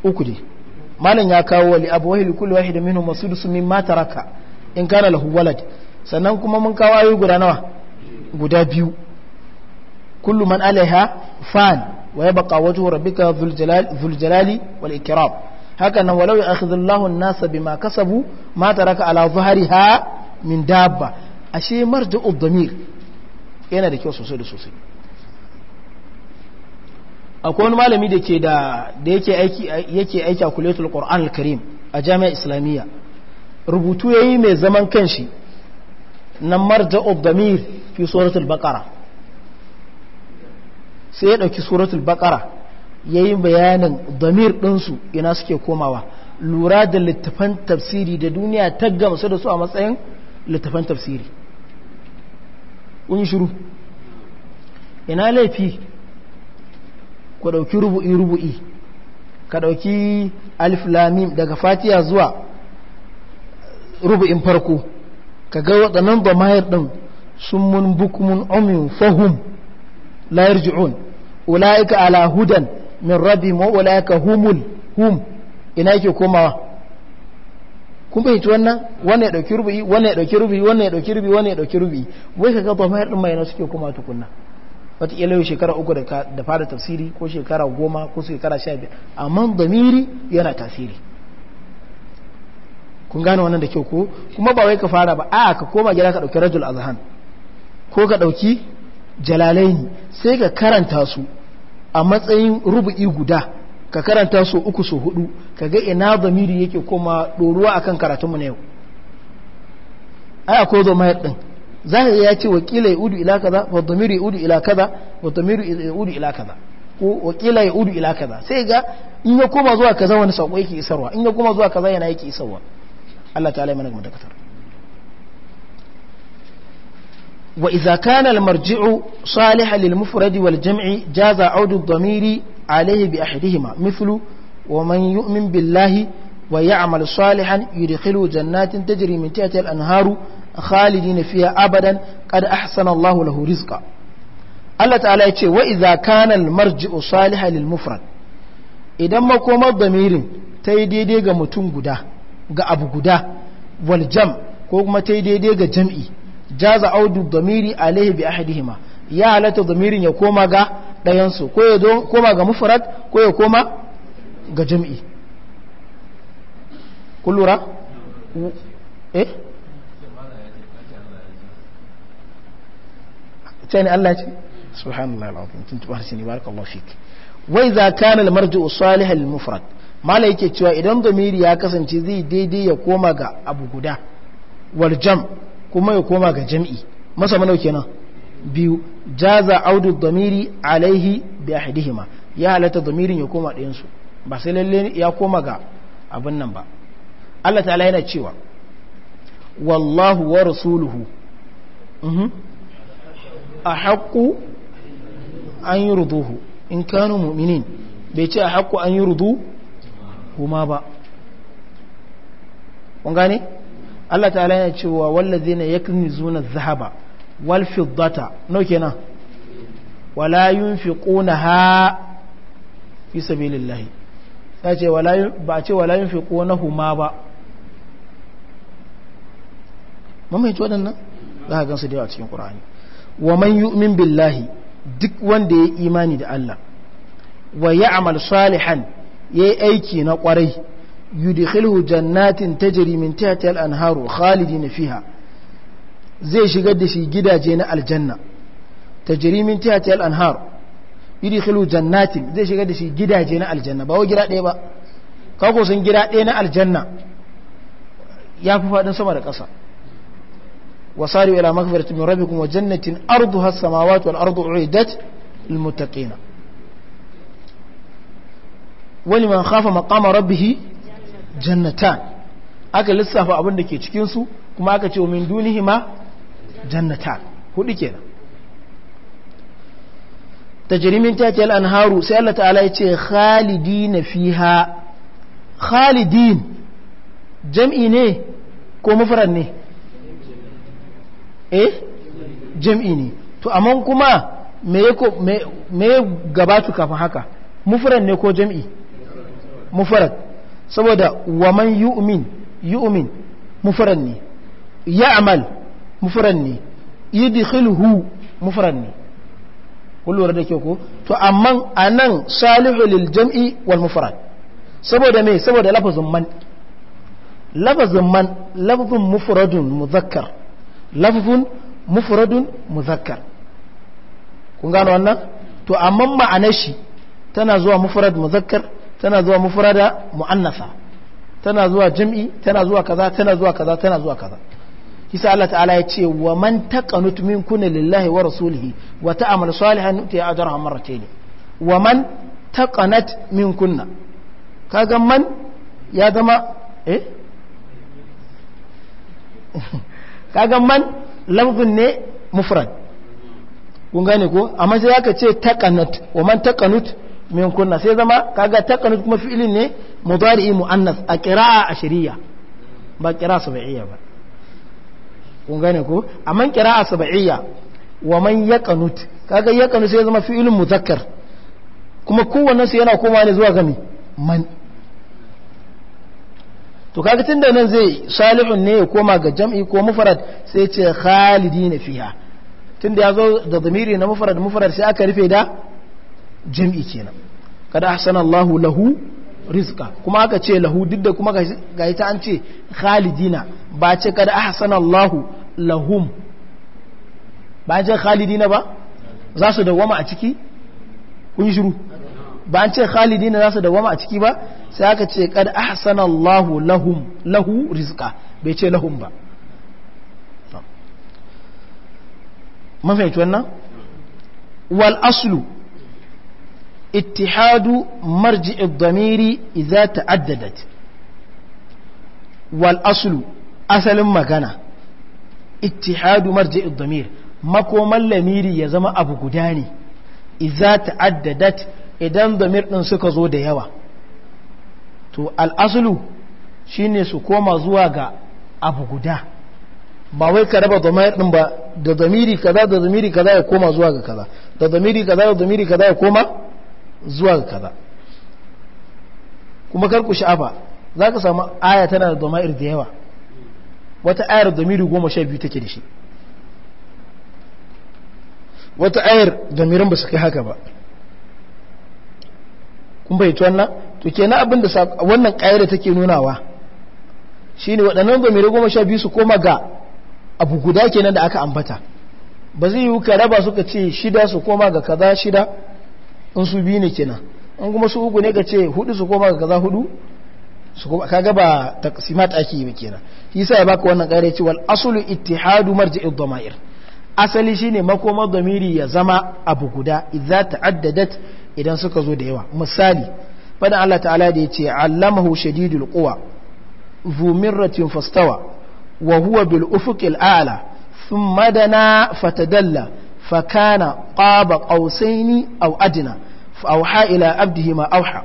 uku ne malam ya kawo wali aboyi likul wahidu minu masudusu mata raka in kana lahu walad sannan kuma mun kawo ayoyi guda nawa guda biyu kullu man alaiha fan wa yabqa wajhu rabbika dhul jalali wal ikram haka nan walau ya'khudhullahu an-nasa bima kasabu ma taraka ala dhahriha min dabba ashe marja'u dhamir yana da kyau sosai sosai akwai wani malami da ke da yake aiki a kuletul qur'an al-karim a jami'an islamiyya rubutu yayi mai zaman kanshi na marja'u dhamir fi suratul baqara sai ya ɗauki suratul bakara ya yi bayanin damir ɗinsu ina suke komawa lura da littafan tafsiri da duniya ta gamsu da su a matsayin littafan tafsiri un shiru ina laifi ku ɗauki rubu'i-rubu'i ka ɗauki alif lamim daga fatiya zuwa rubu'in farko ka ga waɗannan ba mayar ɗin sun mun bukumun omin fahim layar ji'un ula'ika ala hudan min rabbi wa ula'ika humul hum ina yake komawa kun fahimci wannan wannan ya dauki rubi wannan ya dauki rubi wannan ya dauki rubi wannan ya dauki rubi wai ka ga ba mai din mai na suke koma tukunna wata yau shekara uku da fara tafsiri ko shekara goma ko shekara sha biyar amma damiri yana tasiri kun gane wannan da kyau ko kuma ba wai ka fara ba a ka koma gida ka dauki rajul azhan ko ka dauki jalalaini sai ka karanta su a matsayin rubu'i guda ka karanta su uku su hudu ka ga ina zamiri yake koma ɗoruwa akan karatunmu na yau aya ko zama ɗin za ka ya ce wakila ya udu ila kaza wa zamiri ya udu ila kaza wa zamiri ya udu ila kaza ko wakila ya udu ila kaza sai ga in ya koma zuwa kaza wani sako yake isarwa in ya koma zuwa kaza yana yake isarwa Allah ta'ala ya mana gama dakatar وإذا كان المرجع صالحا للمفرد والجمع جاز عود الضمير عليه بأحدهما مثل ومن يؤمن بالله ويعمل صالحا يدخله جنات تجري من تحتها الأنهار خالدين فيها أبدا قد أحسن الله له رزقا Allah ta'ala ya ce wa iza kana almarji'u salihan lil mufrad idan makomar damirin ta yi daidai ga mutum guda ga abu guda wal jam ko kuma ta yi daidai ga jam'i jaza audu damiri alaihi bi ahadihima ya halatta damirin ya koma ga ɗayansu ko ya koma ga mufrad ko ya koma ga jam'i eh tani Allah ce shi ne wai za kana almarji'u salihan mala yake cewa idan damiri ya kasance zai daidai ya koma ga abu guda wal jam' kuma ya koma ga jam'i masa manau kenan biyu jaza audu damiri alaihi bi ahdihima ya halatta damirin ya koma ɗayan ba sai lalle ya koma ga abin nan ba Allah ta'ala yana cewa wallahu wa rasuluhu mhm. a haƙƙu an yi rudu in kanu mu'minin bai ce a haƙƙu an yi rudu kuma ba ƙungane? Allah ta'ala ya ce wa cewa wallazina yaknizuna zuna zahaba fiddata no kenan wala yunfiqunaha fi kuna ha sabilillah ta ce wala ba ce wala huma ba mun mai wadannan za a gansu da yawa cikin ƙura'ani. wa man yu'min billahi duk wanda ya imani da Allah wa ya ya'mal salihan yi aiki na kwarai yudkhiluhu jannatin tajri min tahtiha al-anharu khalidina fiha zai shigar da shi gidaje na aljanna tajri min tahtiha al-anhar yudkhiluhu jannatin zai shigar da shi gidaje na aljanna ba wa gida ɗaya ba ka ko san gida ɗaya na aljanna ya fi faɗin sama da ƙasa wasari ila maghfirati min rabbikum wa jannatin arduha as-samawati wal ardu uiddat lil muttaqin ولمن خاف مقام ربه jannatan aka lissafa abin da ke cikinsu kuma aka ce wa min ma jannatan hudu kenan ta tatiyal anharu sai Allah ta'ala ya ce khalidina fiha khalidin jam'i ne ko mafarar ne eh jam'i ne to amma kuma me gabatu kafin haka mafarar ne ko jam'i mafarar saboda waman yu'min yu'min mufran ne ya'mal mufran ne yudkhilhu mufran ne kullu da ke ko to amma anan salihu lil jam'i wal mufrad saboda me saboda lafazin man lafazin man lafazin mufradun muzakkar lafazin mufradun muzakkar kun gano wannan to amma ma'anar shi tana zuwa mufrad muzakkar tana zuwa mufrada mu'annasa tana zuwa jam'i tana zuwa kaza tana zuwa kaza tana zuwa kaza kisa Allah ta'ala ya ce wa man taqanut minkunna lillahi wa rasulihi wa ta'amal salihan nuti ajraha marratayn wa man taqanat minkunna kaga man ya zama eh kaga man lafzun ne mufrad kun gane ko amma sai aka ce taqanat wa man taqanut min kunna sai zama kaga taqanut kuma fi'ilin ne mudari'i muannas a qira'a ashariya ba qira'a sab'iyya ba kun gane ko amma qira'a sab'iyya wa man yaqanut kaga yaqanut sai zama fi'ilin muzakkar kuma kowannen su yana komawa ne zuwa gami man to kaga tunda nan zai salihun ne ya koma ga jam'i ko mufrad sai ce khalidina fiha tunda yazo da zamiri na mufrad mufrad sai aka rufe da jam'i kenan kada hasana Allahu lahu rizqa kuma aka ce lahu duk da kuma ga ita an ce khalidina ba ce kada ahsana Allahu lahum ba an ce khalidina ba za su dawama a ciki kun shiru ba an ce khalidina za su dawama a ciki ba sai aka ce kada ahsana Allahu lahum lahu rizqa bai ce lahum ba mun wannan wal aslu اتحاد مرجع الضمير إذا تعددت والأصل أصل مغانا اتحاد مرجع الضمير مكوما لميري يزم أبو قداني إذا تعددت إذن ضمير ننسك زود يوا تو الأصل shine su koma zuwa ga abu guda ba wai ka raba ɗin ba da zamiri kaza da zamiri kaza ya koma zuwa ga kaza da zamiri kaza da zamiri kaza ya koma zuwa kaza kuma karku sha'afa za ka samu aya tana da doma'ir da yawa wata ayar domiri goma sha biyu take da shi wata ayar domirin ba su kai haka ba kun bai tuwanna to ke na abinda wannan ƙayar da take nunawa shi ne waɗannan domirin goma sha biyu su koma ga abu guda kenan da aka ambata ba zai yi ka raba suka ce shida su koma ga kaza shida in su biyu ne kenan in kuma su uku ne ka ce hudu su koma kaza hudu su koma kaga ba taqsimat ake yi kenan yasa ya baka wannan kare cewa asulu ittihadu marji'i dhamair asali shine makoma dhamiri ya zama abu guda idza ta'addadat idan suka zo da yawa misali fadan Allah ta'ala da yace allamahu shadidul quwa zu fastawa wa huwa bil ufuqil a'la thumma dana fatadalla فكان قاب قوسين أو أدنى فأوحى إلى عبده ما أوحى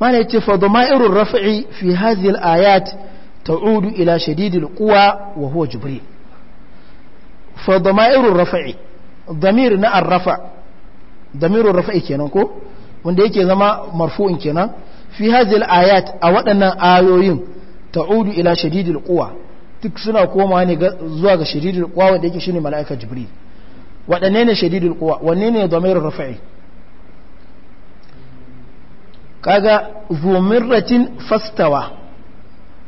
ما نأتي فضمائر الرفع في هذه الآيات تعود إلى شديد القوى وهو جبريل فضمائر الرفع ضمير ناء الرفع ضمير الرفع كينانكو wanda yake zama marfu'in kenan fi hazil ayat a waɗannan ayoyin ta'udu ila shadidil quwa duk suna komawa ne zuwa ga shadidul quwa wanda yake shine mala'ika jibril wadanne ne shadidul quwa wanne ne dhamirur rafi'i kaga zumirratin fastawa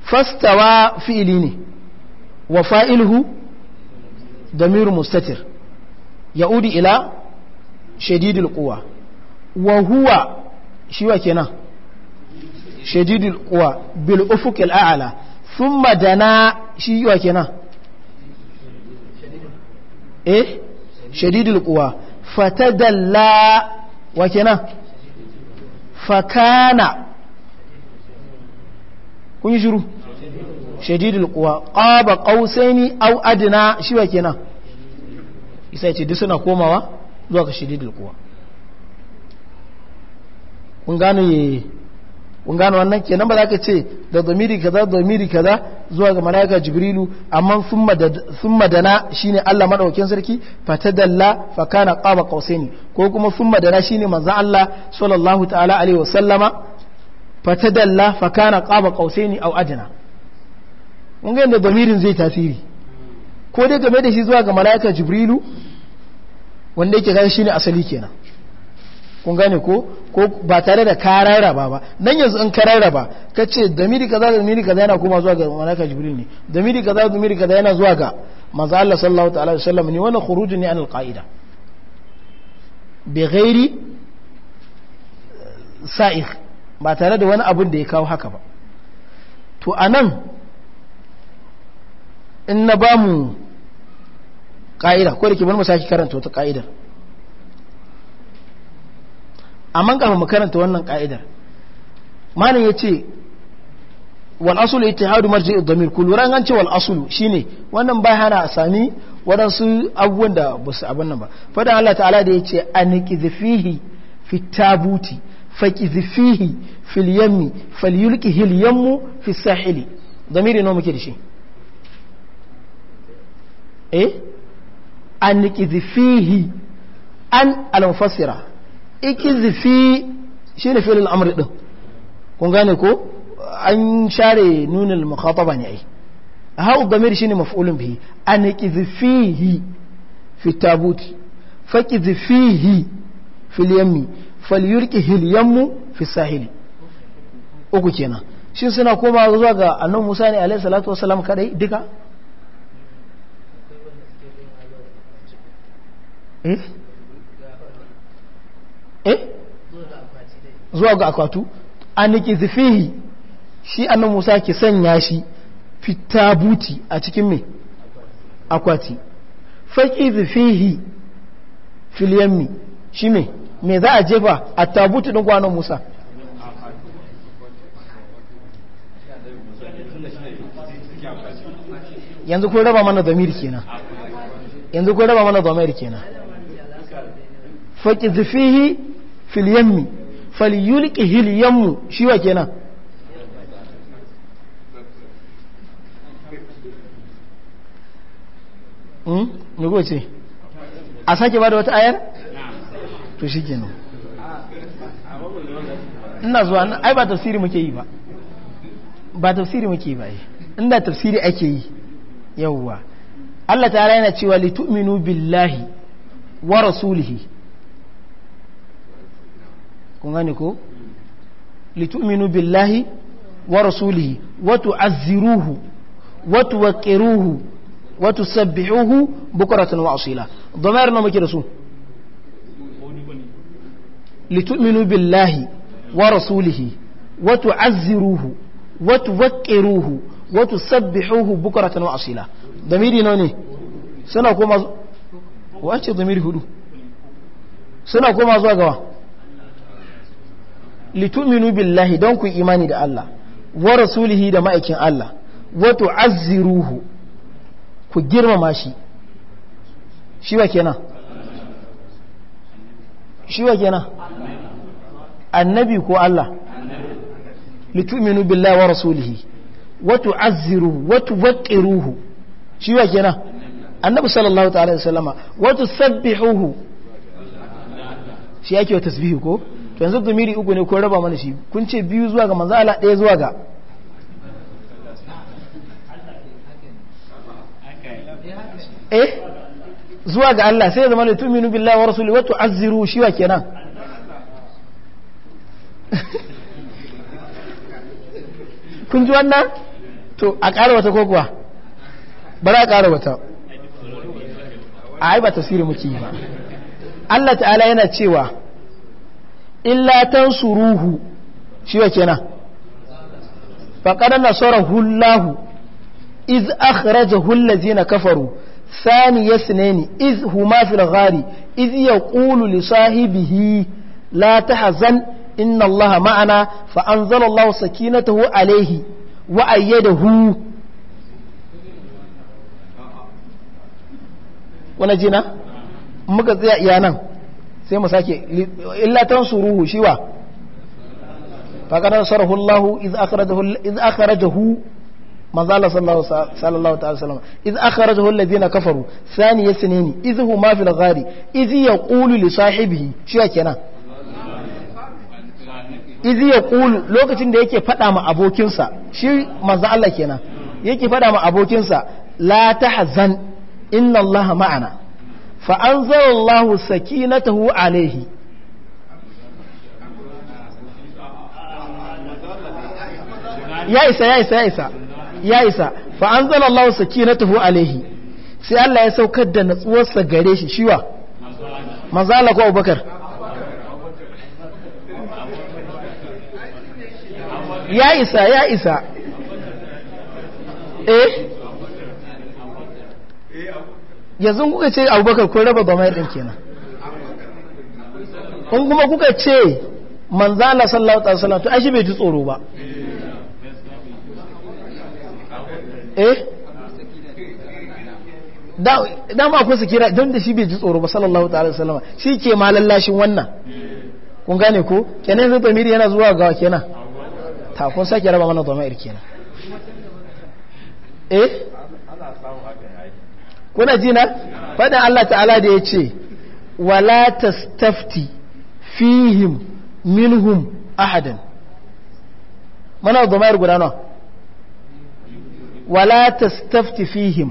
fastawa fi'ili ne wa fa'iluhu damir mustatir ya'udi ila shadidul quwa wa huwa shi wa kenan shadidul quwa bil ufuqil a'la thumma dana shi yiwa kenan eh shadidul kuwa fatadalla wa kenan fakana kun yi shuru shadidul kuwa ƙaba ƙausaini au adina shi wa kenan isa ce duk suna komawa zuwa ka shadidul kuwa kun gane kun gano wannan kenan ba za ka ce da domiri kaza domiri kaza zuwa ga malaika jibrilu amma sun madana shine Allah madaukakin sarki fatadalla fa kana qaba qausaini ko kuma sun madana shine maza Allah sallallahu ta'ala alaihi wasallama fatadalla fa kana qaba qausaini aw adna kun ga da domirin zai tasiri ko dai game da shi zuwa ga malaika jibrilu wanda yake ga shine asali kenan kun gane ko ko ba tare da karara ba ba nan yanzu in karara ba ka ce da damiri kaza miri kaza yana kuma zuwa ga malaka jibril ne da damiri kaza miri kaza yana zuwa ga manzo Allah sallallahu ta'ala alaihi wasallam ne wannan khuruj ne an alqaida bi ghairi eh, sa'ikh ba tare da wani abu da ya kawo haka ba to anan in na bamu ka'ida ko da ke bani mu saki karanta wata ka'idar amma kafin mu karanta wannan ka'idar malam ya ce wal asulu ittihadu marji'id damir kullu ran an ce wal shine wannan bai hana asani sami wadansu abubuwan da ba su abun nan ba da Allah ta'ala da yace anqidhifihi fi tabuti faqidhifihi fil yammi falyulqihi al yammu fi sahili damiri no muke da shi eh anqidhifihi an al mufassira ikizifi shi ne filin amur ɗin kun gane ko an share nunin ba ne ai hau gamir shi ne maf'ulun bihi an ikizifihi fi tabuti fa ikizifihi fil yammi fi sahili uku kenan shi suna koma zuwa ga annabi Musa ne alai salatu wasalam kadai duka eh? Eh? zuwa ga akwatu an fihi shi annabi Musa ke sanya shi fita buti a cikin mai akwati faƙi fihi Filiyanmi. shi mai me za a jefa a tabuti don gwanon Musa yanzu kun raba mana damir kenan yanzu kun raba mana damir kenan faƙi fihi fil yammi falyulqihi al yammu shi wa kenan hmm ne goce ce a sake bada wata ayar to shi kenan ina zuwa ai ba tafsiri muke yi ba ba tafsiri muke yi ba eh. inda tafsiri ake yi yawwa Allah ta yana cewa litu'minu billahi wa rasulihi kun gane ko litu'minu billahi wa rasulihi wa tu'azziruhu wa tuwaqqiruhu wa tusabbihuhu bukratan wa asila dhamar na muke da su litu'minu billahi wa rasulihi wa tu'azziruhu wa tuwaqqiruhu wa tusabbihuhu bukratan wa asila damiri nawa ne suna koma wace damiri hudu suna koma zuwa gawa litu'minu billahi don ku imani da Allah wa rasulihi da ma'aikin Allah wa tu'azziruhu ku girmama shi shi wa kenan shi wa kenan annabi ko Allah litu'minu billahi wa rasulihi wa tu'azziruhu wa tuwaqqiruhu shi wa kenan annabi sallallahu ta'ala alaihi wasallama wa tusabbihuhu shi yake wa tasbihu ko to yanzu dumiri uku ne ko raba mana shi kun ce biyu zuwa ga manzo Allah ɗaya zuwa ga eh zuwa ga Allah sai ya zama da tuminu billahi wa rasuli wa tu'azziru shi wa kenan kun ji wannan to a ƙara wata ko kuwa ba za a ƙara wata a yi ba tasiri muke yi ba Allah ta'ala yana cewa in suruhu shi ya ce na iz akhraja hullazi na kafaru sani iz huma iz ya ƙulu lisahibihi la ta ma'ana fa’an zan sakinatahu alaihi wa ayyada sai mu sake illa tansuruhu shi wa faqad nasarahu iz akhrajahu iz akhrajahu manzo sallallahu ta'ala sallam iz akhrajahu alladhina kafaru thani yasnini iz huma fil ghari iz yaqulu li sahibihi kenan iz yaqulu lokacin da yake fada ma abokinsa shi manzo Allah kenan yake fada ma abokinsa la tahzan inna Allah ma'ana fa anzalallahu sakinatahu alaihi ya isa ya isa ya isa ya isa fa anzalallahu sakinatahu alaihi sai Allah ya saukar da natsuwarsa gare shi ya isa ya isa eh? yanzu kuka ce abubakar ko raba domain ɗin kenan kun kuma kuka ce manzana sallallahu alaihi wasallam to aishi bai ji tsoro ba eh dama ku kira don da shi bai ji tsoro ba sallallahu ta'ala salama shi ke ma lallashin wannan kun gane ko kenan zai tamiri yana zuwa gawa kenan ta kun sake raba mana domin kenan eh kuna ji na faɗin Allah ta'ala da ya ce wala stafti fihim minhum ahadin mana gomayar guda nan wala stafti fihim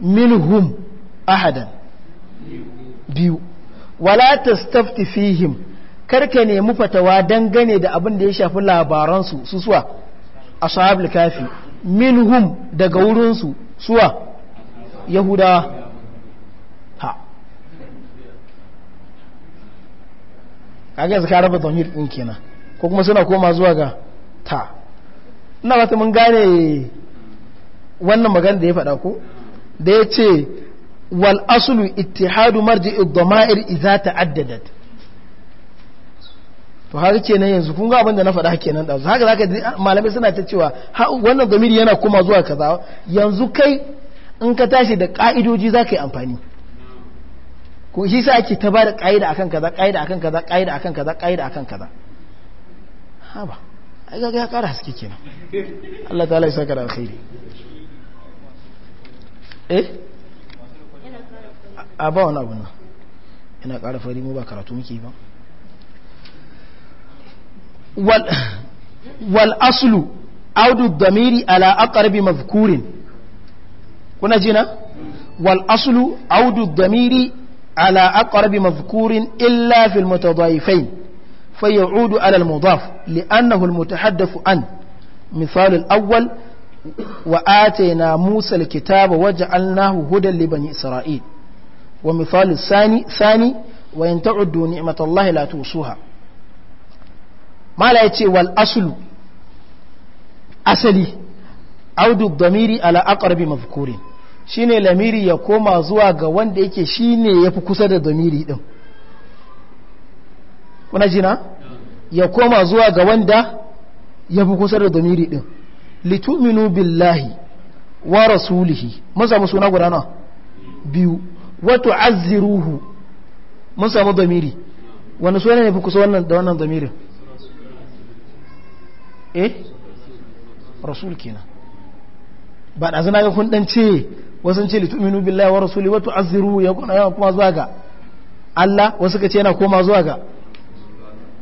minhum ahadin biyu wala stafti fihim karka nemi fatawa dangane da abin da ya shafi labaransu su suwa ashabul kafi minhum daga wurinsu suwa yahuda ha kaga yanzu ka raba domir din kenan ko kuma suna koma zuwa ga ta ina ta mun gane wannan magana da ya faɗa ko da ya ce wal asulu ittihadu marji'i dhama'ir idza ta'addadat to har ke nan yanzu kun ga abin da na faɗa kenan da haka zaka malamai suna ta cewa wannan domiri yana koma zuwa kaza yanzu kai in ka tashi da ka'idoji za ka yi amfani ko shi sa ake ta ba da a kan kaza a kan kaza a kan kaza a kan kaza haba ai ga ya ƙara haske kenan Allah ta ya saka da alkhairi eh a ba wani abu nan yana kara fari mu ba karatu muke ba wal aslu audu damiri ala aqrabi mazkurin kuna jina wal aslu audu damiri ala aqrabi mazkurin illa fil mutadayifain fayu'udu ala al mudaf li annahu al mutahaddafu an misal al awwal wa atayna musa al kitaba waj'alnahu hudan li bani isra'il wa misal al thani thani wa yanta'uddu ni'matallahi la tusuha mala yace wal aslu asali audu damiri ala aqrabi mazkurin shine lamiri ya koma zuwa ga wanda yake shine yafi kusa da damiri din kuna jina ya koma zuwa ga wanda yafi kusa da damiri din lituminu billahi wa rasulihi mun samu suna guda nawa biyu wa tu'azziruhu mun samu damiri wani suna ne fi kusa wannan da wannan damirin eh rasul kenan ba da zana ga kun dan ce Wasan ce litu'minu billahi wa rasuli wa tu'azziru ya kuna yawa kuma zuwa ga Allah wasu ka ce yana koma zuwa ga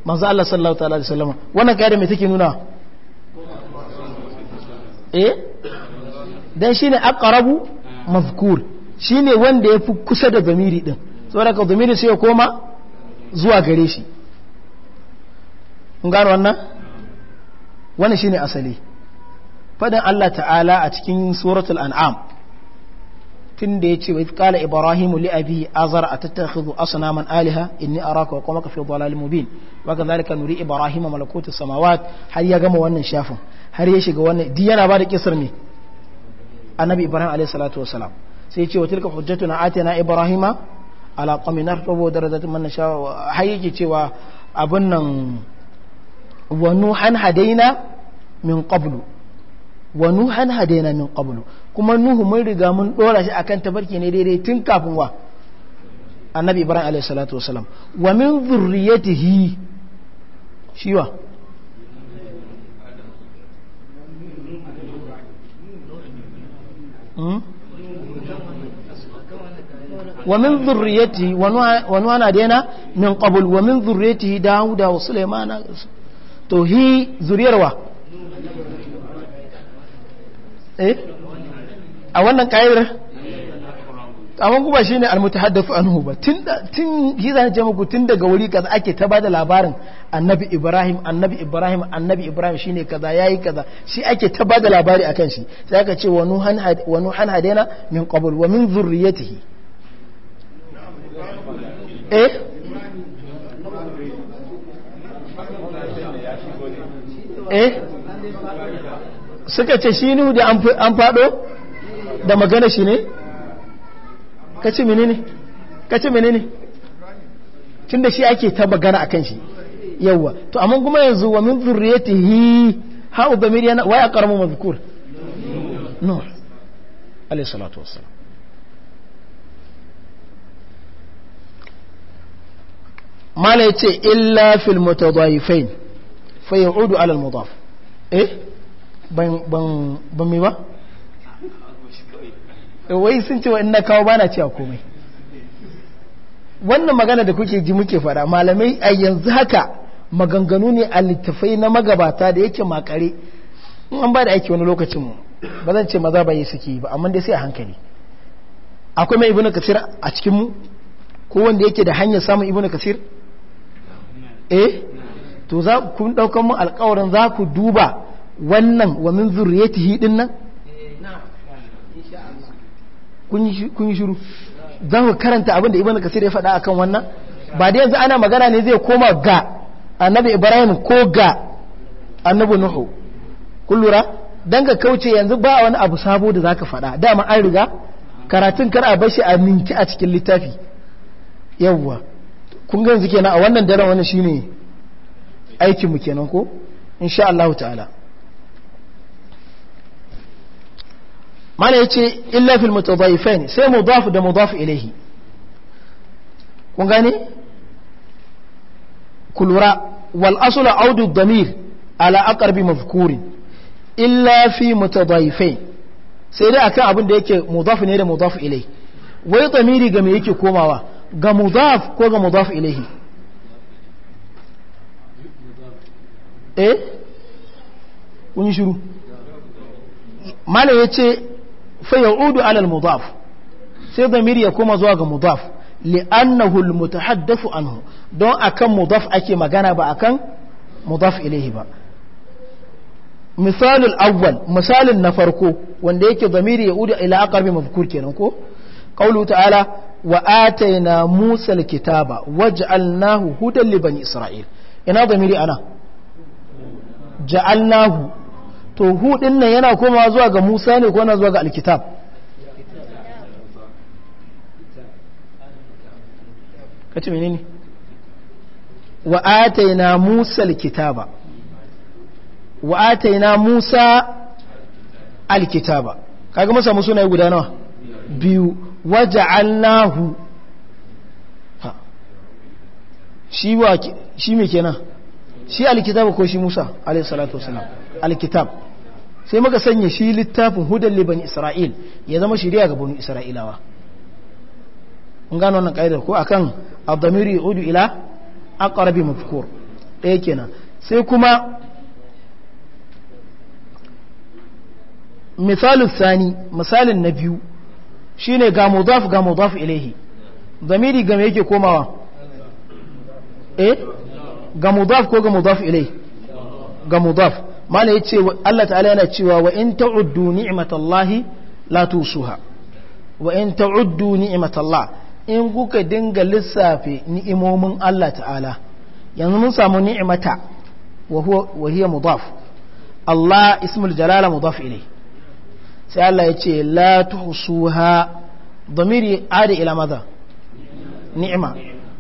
manzo Allah sallallahu ta'ala alaihi wasallam wannan kaida me take nuna eh dan shine aqrabu mazkur shine wanda yafi kusa da zamiri din saboda ka zamiri sai ya koma zuwa gare shi kun gano wannan wannan shine asali fadan Allah ta'ala a cikin suratul an'am tun da ya ce wa kala ibrahimu li abi azar a tattakhidhu asnaman aliha inni araka wa qawmaka fi dhalalin mubin wa kadhalika nuri ibrahima malakutus samawat har ya gama wannan shafin har ya shiga wannan di yana ba da kisar ne annabi ibrahim alayhi salatu salam sai ya ce wa tilka hujjatuna atina ibrahima ala qawmin narfabu darajatan man nasha har yake cewa abun nan wa nuhan hadaina min qablu wa nuhan hadaina min qablu kuma nuhu mun riga mun dora shi akan tabarki ne daidai tun kafin wa annabi ibrahim alayhi salatu wasalam wa min dhurriyyatihi shiwa hmm? wa min dhurriyyati wa nuhana daina min qabl wa min dhurriyyati dauda wa sulaimana to hi wa. eh a wannan kayar amma kuma shine almutahaddathu anhu ba tun tun hiza ce muku tun daga wuri kaza ake ta bada labarin annabi ibrahim annabi ibrahim annabi ibrahim shine kaza yayi kaza shi ake ta bada labari akan shi sai aka ce wa nuhan wa nuhan hadaina min qabl wa min zurriyatihi eh eh suka ce shi nuhu da an fado da magana shi ne mini kace menene kace menene tunda shi ake ta magana a kan shi yawa to amma kuma yanzu wa min hi ha ubamir yana waya karamu mazkur nuh alayhi salatu wassalam mala yace illa fil mutadaifain fa yu'udu ala al mudaf eh ban ban ba wai sun ce wa na kawo ba bana cewa komai wannan magana da kuke ji muke fara malamai a yanzu haka maganganu ne a littafai na magabata da yake makare in an ba da aiki wani lokacin mu ba zan ce maza ba yi suke ba amma dai sai a hankali akwai mai ibnu kasir a cikin mu ko wanda yake da hanyar samun ibnu kasir eh to za ku daukan mu alƙawarin za ku duba wannan wa min zurriyati hi nan kun yi shiru za ku karanta abin da ibn kasir ya faɗa akan wannan ba da yanzu ana magana ne zai koma ga annabi ibrahim ko ga annabi nuhu kun lura dan ga kauce yanzu ba wani abu sabo da zaka faɗa dama an riga karatun kar a bashi a minki a cikin littafi yawwa kun ga yanzu kenan a wannan daren wannan shine aikin mu kenan ko insha Allah ta'ala mana ya ce illa fil mutadaifain sai mudaf da mudaf ilaihi kun gane kulura wal asula audu damir ala aqrabi mafkurin illa fi mutadaifain sai dai akan abin da yake mudaf ne da mudaf ilaihi wai damiri ga me yake komawa ga mudaf ko ga mudaf ilaihi eh kun shiru malam ya ce fa ya'udu alal mudaf sai zamiri ya koma zuwa ga mudaf li'annahu almutahaddathu anhu don akan mudaf ake magana ba akan mudaf ilayhi ba misalul awwal misalin na farko wanda yake zamiri ya uda ila aqrabi mafkur kenan ko qawlu ta'ala wa atayna musa alkitaba waj'alnahu hudan li bani isra'il ina damiri ana ja'alnahu to hu din nan yana komawa zuwa ga Musa ne ko yana zuwa ga alkitab kace menene wa ataina Musa alkitaba wa ataina Musa alkitaba kaga masa musu sunaye guda nawa biyu waja'alnahu shi wa shi me kenan shi alkitaba ko shi Musa alayhi salatu wasalam alkitaba sai muka sanya shi littafin hudun liban isra'il ya zama shirya ga bani isra'ilawa in gano wannan ƙa'idar ko akan abdamiri udu ila aqrabi mafukur ɗaya kenan sai kuma misalin sani misalin na biyu shine ga mudaf ga mudaf ilahi zamiri game yake komawa eh ga mudaf ko ga mudaf ilahi ga mudaf mana ya ce Allah ta'ala yana cewa wa in ta'uddu ni'matallahi la tusuha wa in ta'uddu ni'matallah in kuka dinga lissafe ni'imomin Allah ta'ala yanzu mun samu ni'imata wa hiya mudaf Allah ismul jalala mudaf ilai sai Allah ya ce la tuhsuha ضمير عاد إلى ماذا نعمة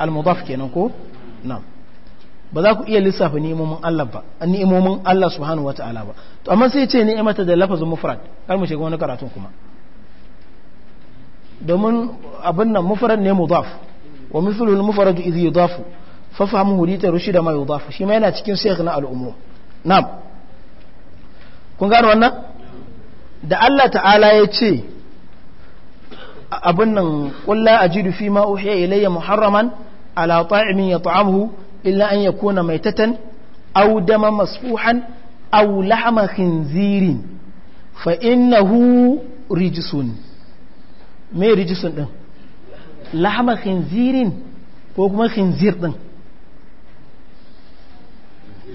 المضاف ko نعم ba za ku iya lissafa ni'imomin Allah ba ni'imomin Allah subhanahu wata'ala ba to amma sai ce ni'imata da lafazin mufrad kar mu shiga wani karatun kuma domin abin nan mufrad ne mudaf wa mithlu al-mufrad idh yudaf fa fahmuhu li tarushi da ma yudaf shi ma yana cikin sayyiq na al-umur na'am kun gano wannan da Allah ta'ala ya ce abin nan qul la ajidu fi ma uhiya ilayya muharraman ala ta'imin yat'amuhu illa an ya kona mai tatan au dama masfuhan au lahama khinzirin fa innahu rijisun me rijisun din lahama khinzirin ko kuma khinzir din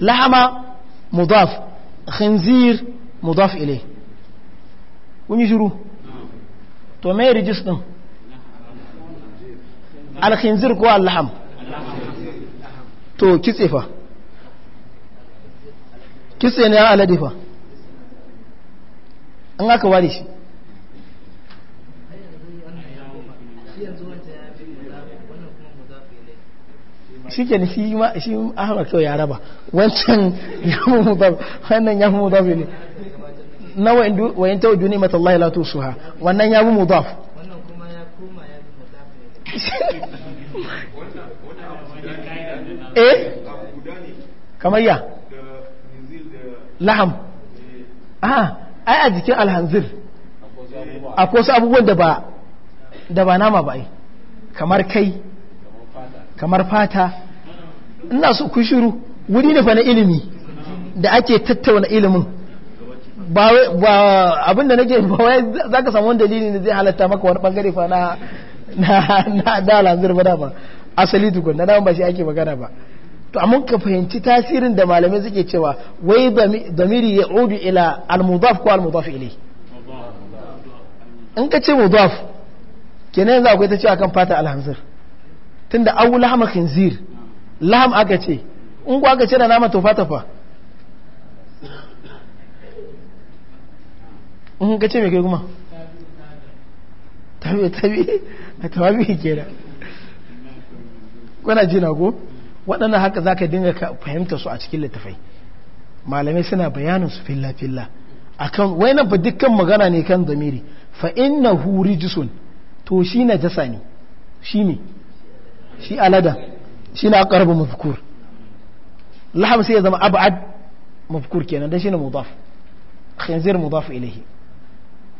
lahama mudaf khinzir mudaf ilai kun yi shiru to me rijis din alkhinzir ko allaham to kitse fa kitse ne ya alade fa an aka ware shi shi ke shi ma shi ahama kyau ya raba wancan ya mu mudaf wannan ya mu mudaf ne na wa in tawju ni mata Allah la tusuha wannan mu mudaf wannan kuma ya koma ya mu ne. eh kamar ya laham a ah, ai a jikin alhanzir akwai wasu abubuwan da ba nama ba kamar kai kamar fata ina su ku shiru wuri ne na ilimi da ake tattauna ilimin ba abinda nake ba wai zaka samu wani dalili ne zai halatta maka wani bangare fa na na ba da ba asali tukun da ba shi ake magana ba to amma ka fahimci tasirin da malamai suke cewa wai damiri ya udu ila al-mudaf ko al-mudaf ilai in ka ce mudaf kenan yanzu akwai ta ce akan fata alhamzir tunda awu lahama khinzir laham aka ce in ku aka ce da nama to fata fa in ka ce me kai kuma tabi tabi a tabi kenan kuna ji na go waɗannan haka za ka dinga fahimta su a cikin littafai malamai suna bayanin su filla-filla akan wai ba dukkan magana ne kan zamiri fa inna hu rijisun to shi na jasa ne shi ne shi alada shi na akarba mafkur lahab sai ya zama abad mafkur kenan dan shi ne mudaf khinzir mudaf ilahi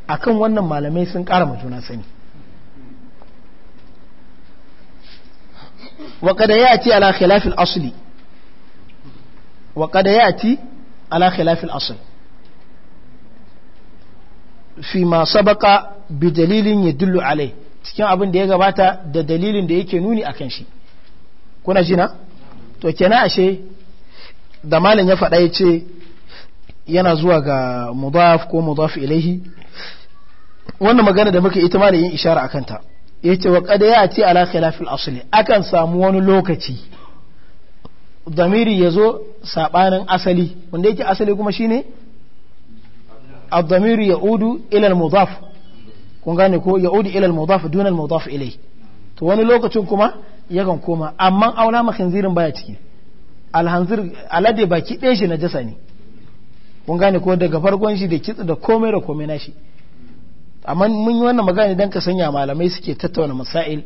akan wannan malamai sun ƙara juna sani wa kada yati ala khilafil asli wa fi ma sabaka bi dalilin alai cikin abin da ya gabata da dalilin da yake nuni kan shi kuna jina to kenan ashe da malam ya faɗa ya ce yana zuwa ga mudaf ko mudaf ilaihi wannan magana da muka ita ma ishara a ishara akanta ya ce wa kada ya ce ala khilafil asali akan samu wani lokaci damiri ya zo saɓanin asali wanda yake asali kuma shine ya udu ilal المضاف kun gane ko ya udu ilal mudaf dunal mudaf ilai to wani lokacin kuma yakan koma amma auna ma baya ciki alhanzir alade baki ɗaya shi na jasa ne kun gane ko daga farkon shi da kitsa da komai da komai na shi amma mun yi wannan magana idan ka sanya malamai suke tattauna masail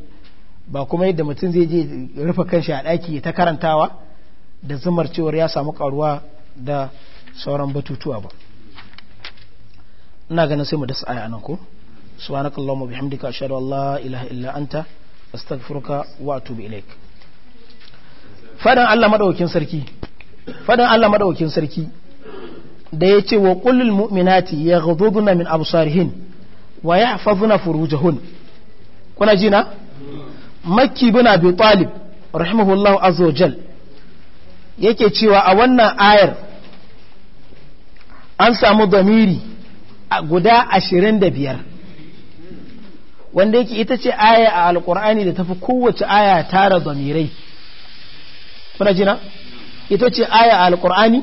ba kuma yadda mutum zai je rufe kanshi a ɗaki ta karantawa da zumar cewar ya samu karuwa da sauran batutuwa ba ina ganin sai mu dasa aya nan ko subhanakallahumma bihamdika ashhadu an la ilaha illa anta astaghfiruka wa atubu ilaik fadan Allah madaukakin sarki fadan Allah madaukakin sarki da yace wa qulil mu'minati yaghdudna min absarihin wa ya fafuna furujahun kuna jina makki buna abi talib rahimahullahu azawajal yake cewa a wannan ayar an samu damiri a guda ashirin da biyar wanda yake ita ce aya a alkur'ani da tafi kowace aya tara zamirai kuna jina ita ce aya a alkur'ani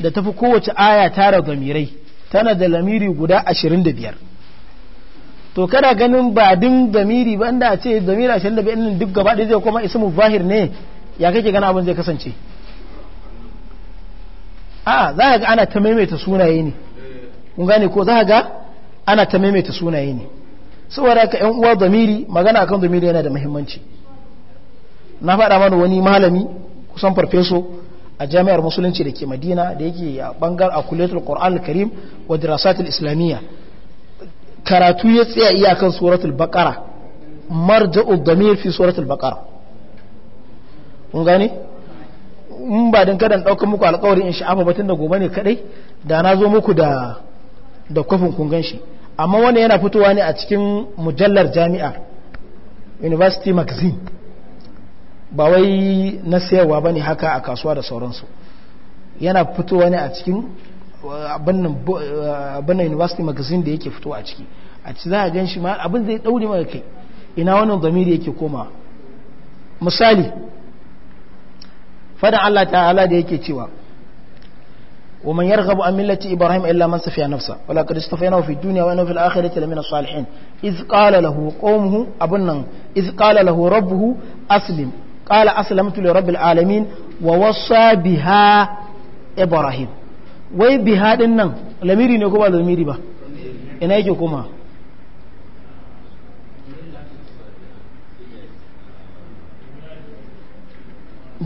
da tafi kowace aya tara zamirai tana da lamiri guda ashirin da biyar to kada ganin ba din damiri ba inda a ce damira 25 duk gaba ɗaya zai koma ismu zahir ne ya kake gana abin zai kasance a za ga ana ta maimaita sunaye ne kun gane ko za ga ana ta maimaita sunaye ne saboda ka yan uwa damiri magana akan damiri yana da muhimmanci na faɗa mana wani malami kusan farfeso a jami'ar musulunci da ke madina da yake a bangar a qur'an al karim wa dirasatul islamiyya karatu ya tsaya iyakan suratul baqara marja'u damir fi suratul baqara kun gane in ba din kadan daukar muku alƙawari in sha'afa batun da gobe ne kadai da na zo muku da da kofin kun ganshi amma wannan yana fitowa ne a cikin mujallar jami'a university magazine ba wai na sayarwa bane haka a kasuwa da sauransu yana fitowa ne a cikin abin nan university magazine da yake fito a ciki a ci za a gan shi ma abin zai daure mara kai ina wannan zamiri yake koma misali fadin allah ta'ala da yake cewa wa man yarghabu an millati ibrahim illa man safiya nafsa wala kad istafayna fi duniya wa inna fil akhirati lamina salihin iz qala lahu qawmuhu abun nan iz qala lahu rabbuhu aslim qala aslamtu li rabbil alamin wa wasa biha ibrahim wai bi haɗin nan lamiri ne ko ba lamiri ba ina yake kuma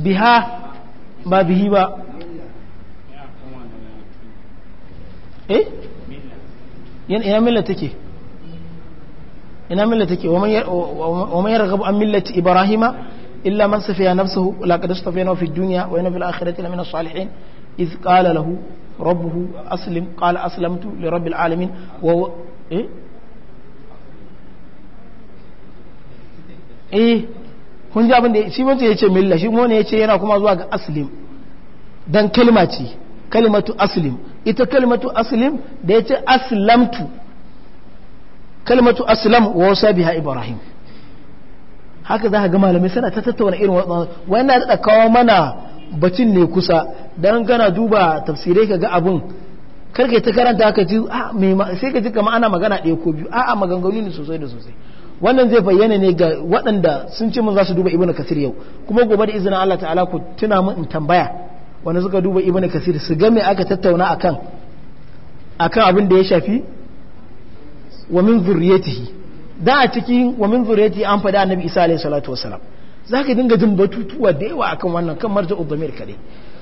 biha ba bihi ba eh ina milla take ina milla take wa man yarghabu an millati ibrahima illa man safiya nafsuhu laqad istafayna fi dunya wa inna fil akhirati lamina salihin إذ قال له ربه أسلم qala أسلمت لرب العالمين alamin wa إيه eh? eh, kun ji abin da shi mace ya ce milla shi ne ya ce yana kuma zuwa ga aslim dan kalma ce kalmatu aslim ita kalmatu aslim da ya ce aslamtu kalmatu aslam wa wasa biya ibrahim haka za ka ga malamai suna ta tattauna irin Wani na da kawo mana bacin ne kusa dan kana duba tafsirai ka ga abun karka ta karanta ka ji ah, sai ka ji kama ana magana ɗaya ko biyu a'a maganganu ne sosai da sosai wannan zai bayyana ne ga waɗanda sun ce mun za su duba ibnu kasir yau kuma gobe da izinin Allah ta'ala ku tuna mun in tambaya wanda suka duba ibnu kasir su ga me aka tattauna akan akan abin da ya shafi wa min zurriyatihi da a cikin wa min zurriyatihi an faɗa annabi isa alayhi salatu wasalam zaka dinga jin batutuwa da yawa akan wannan kan marja'u damir kadai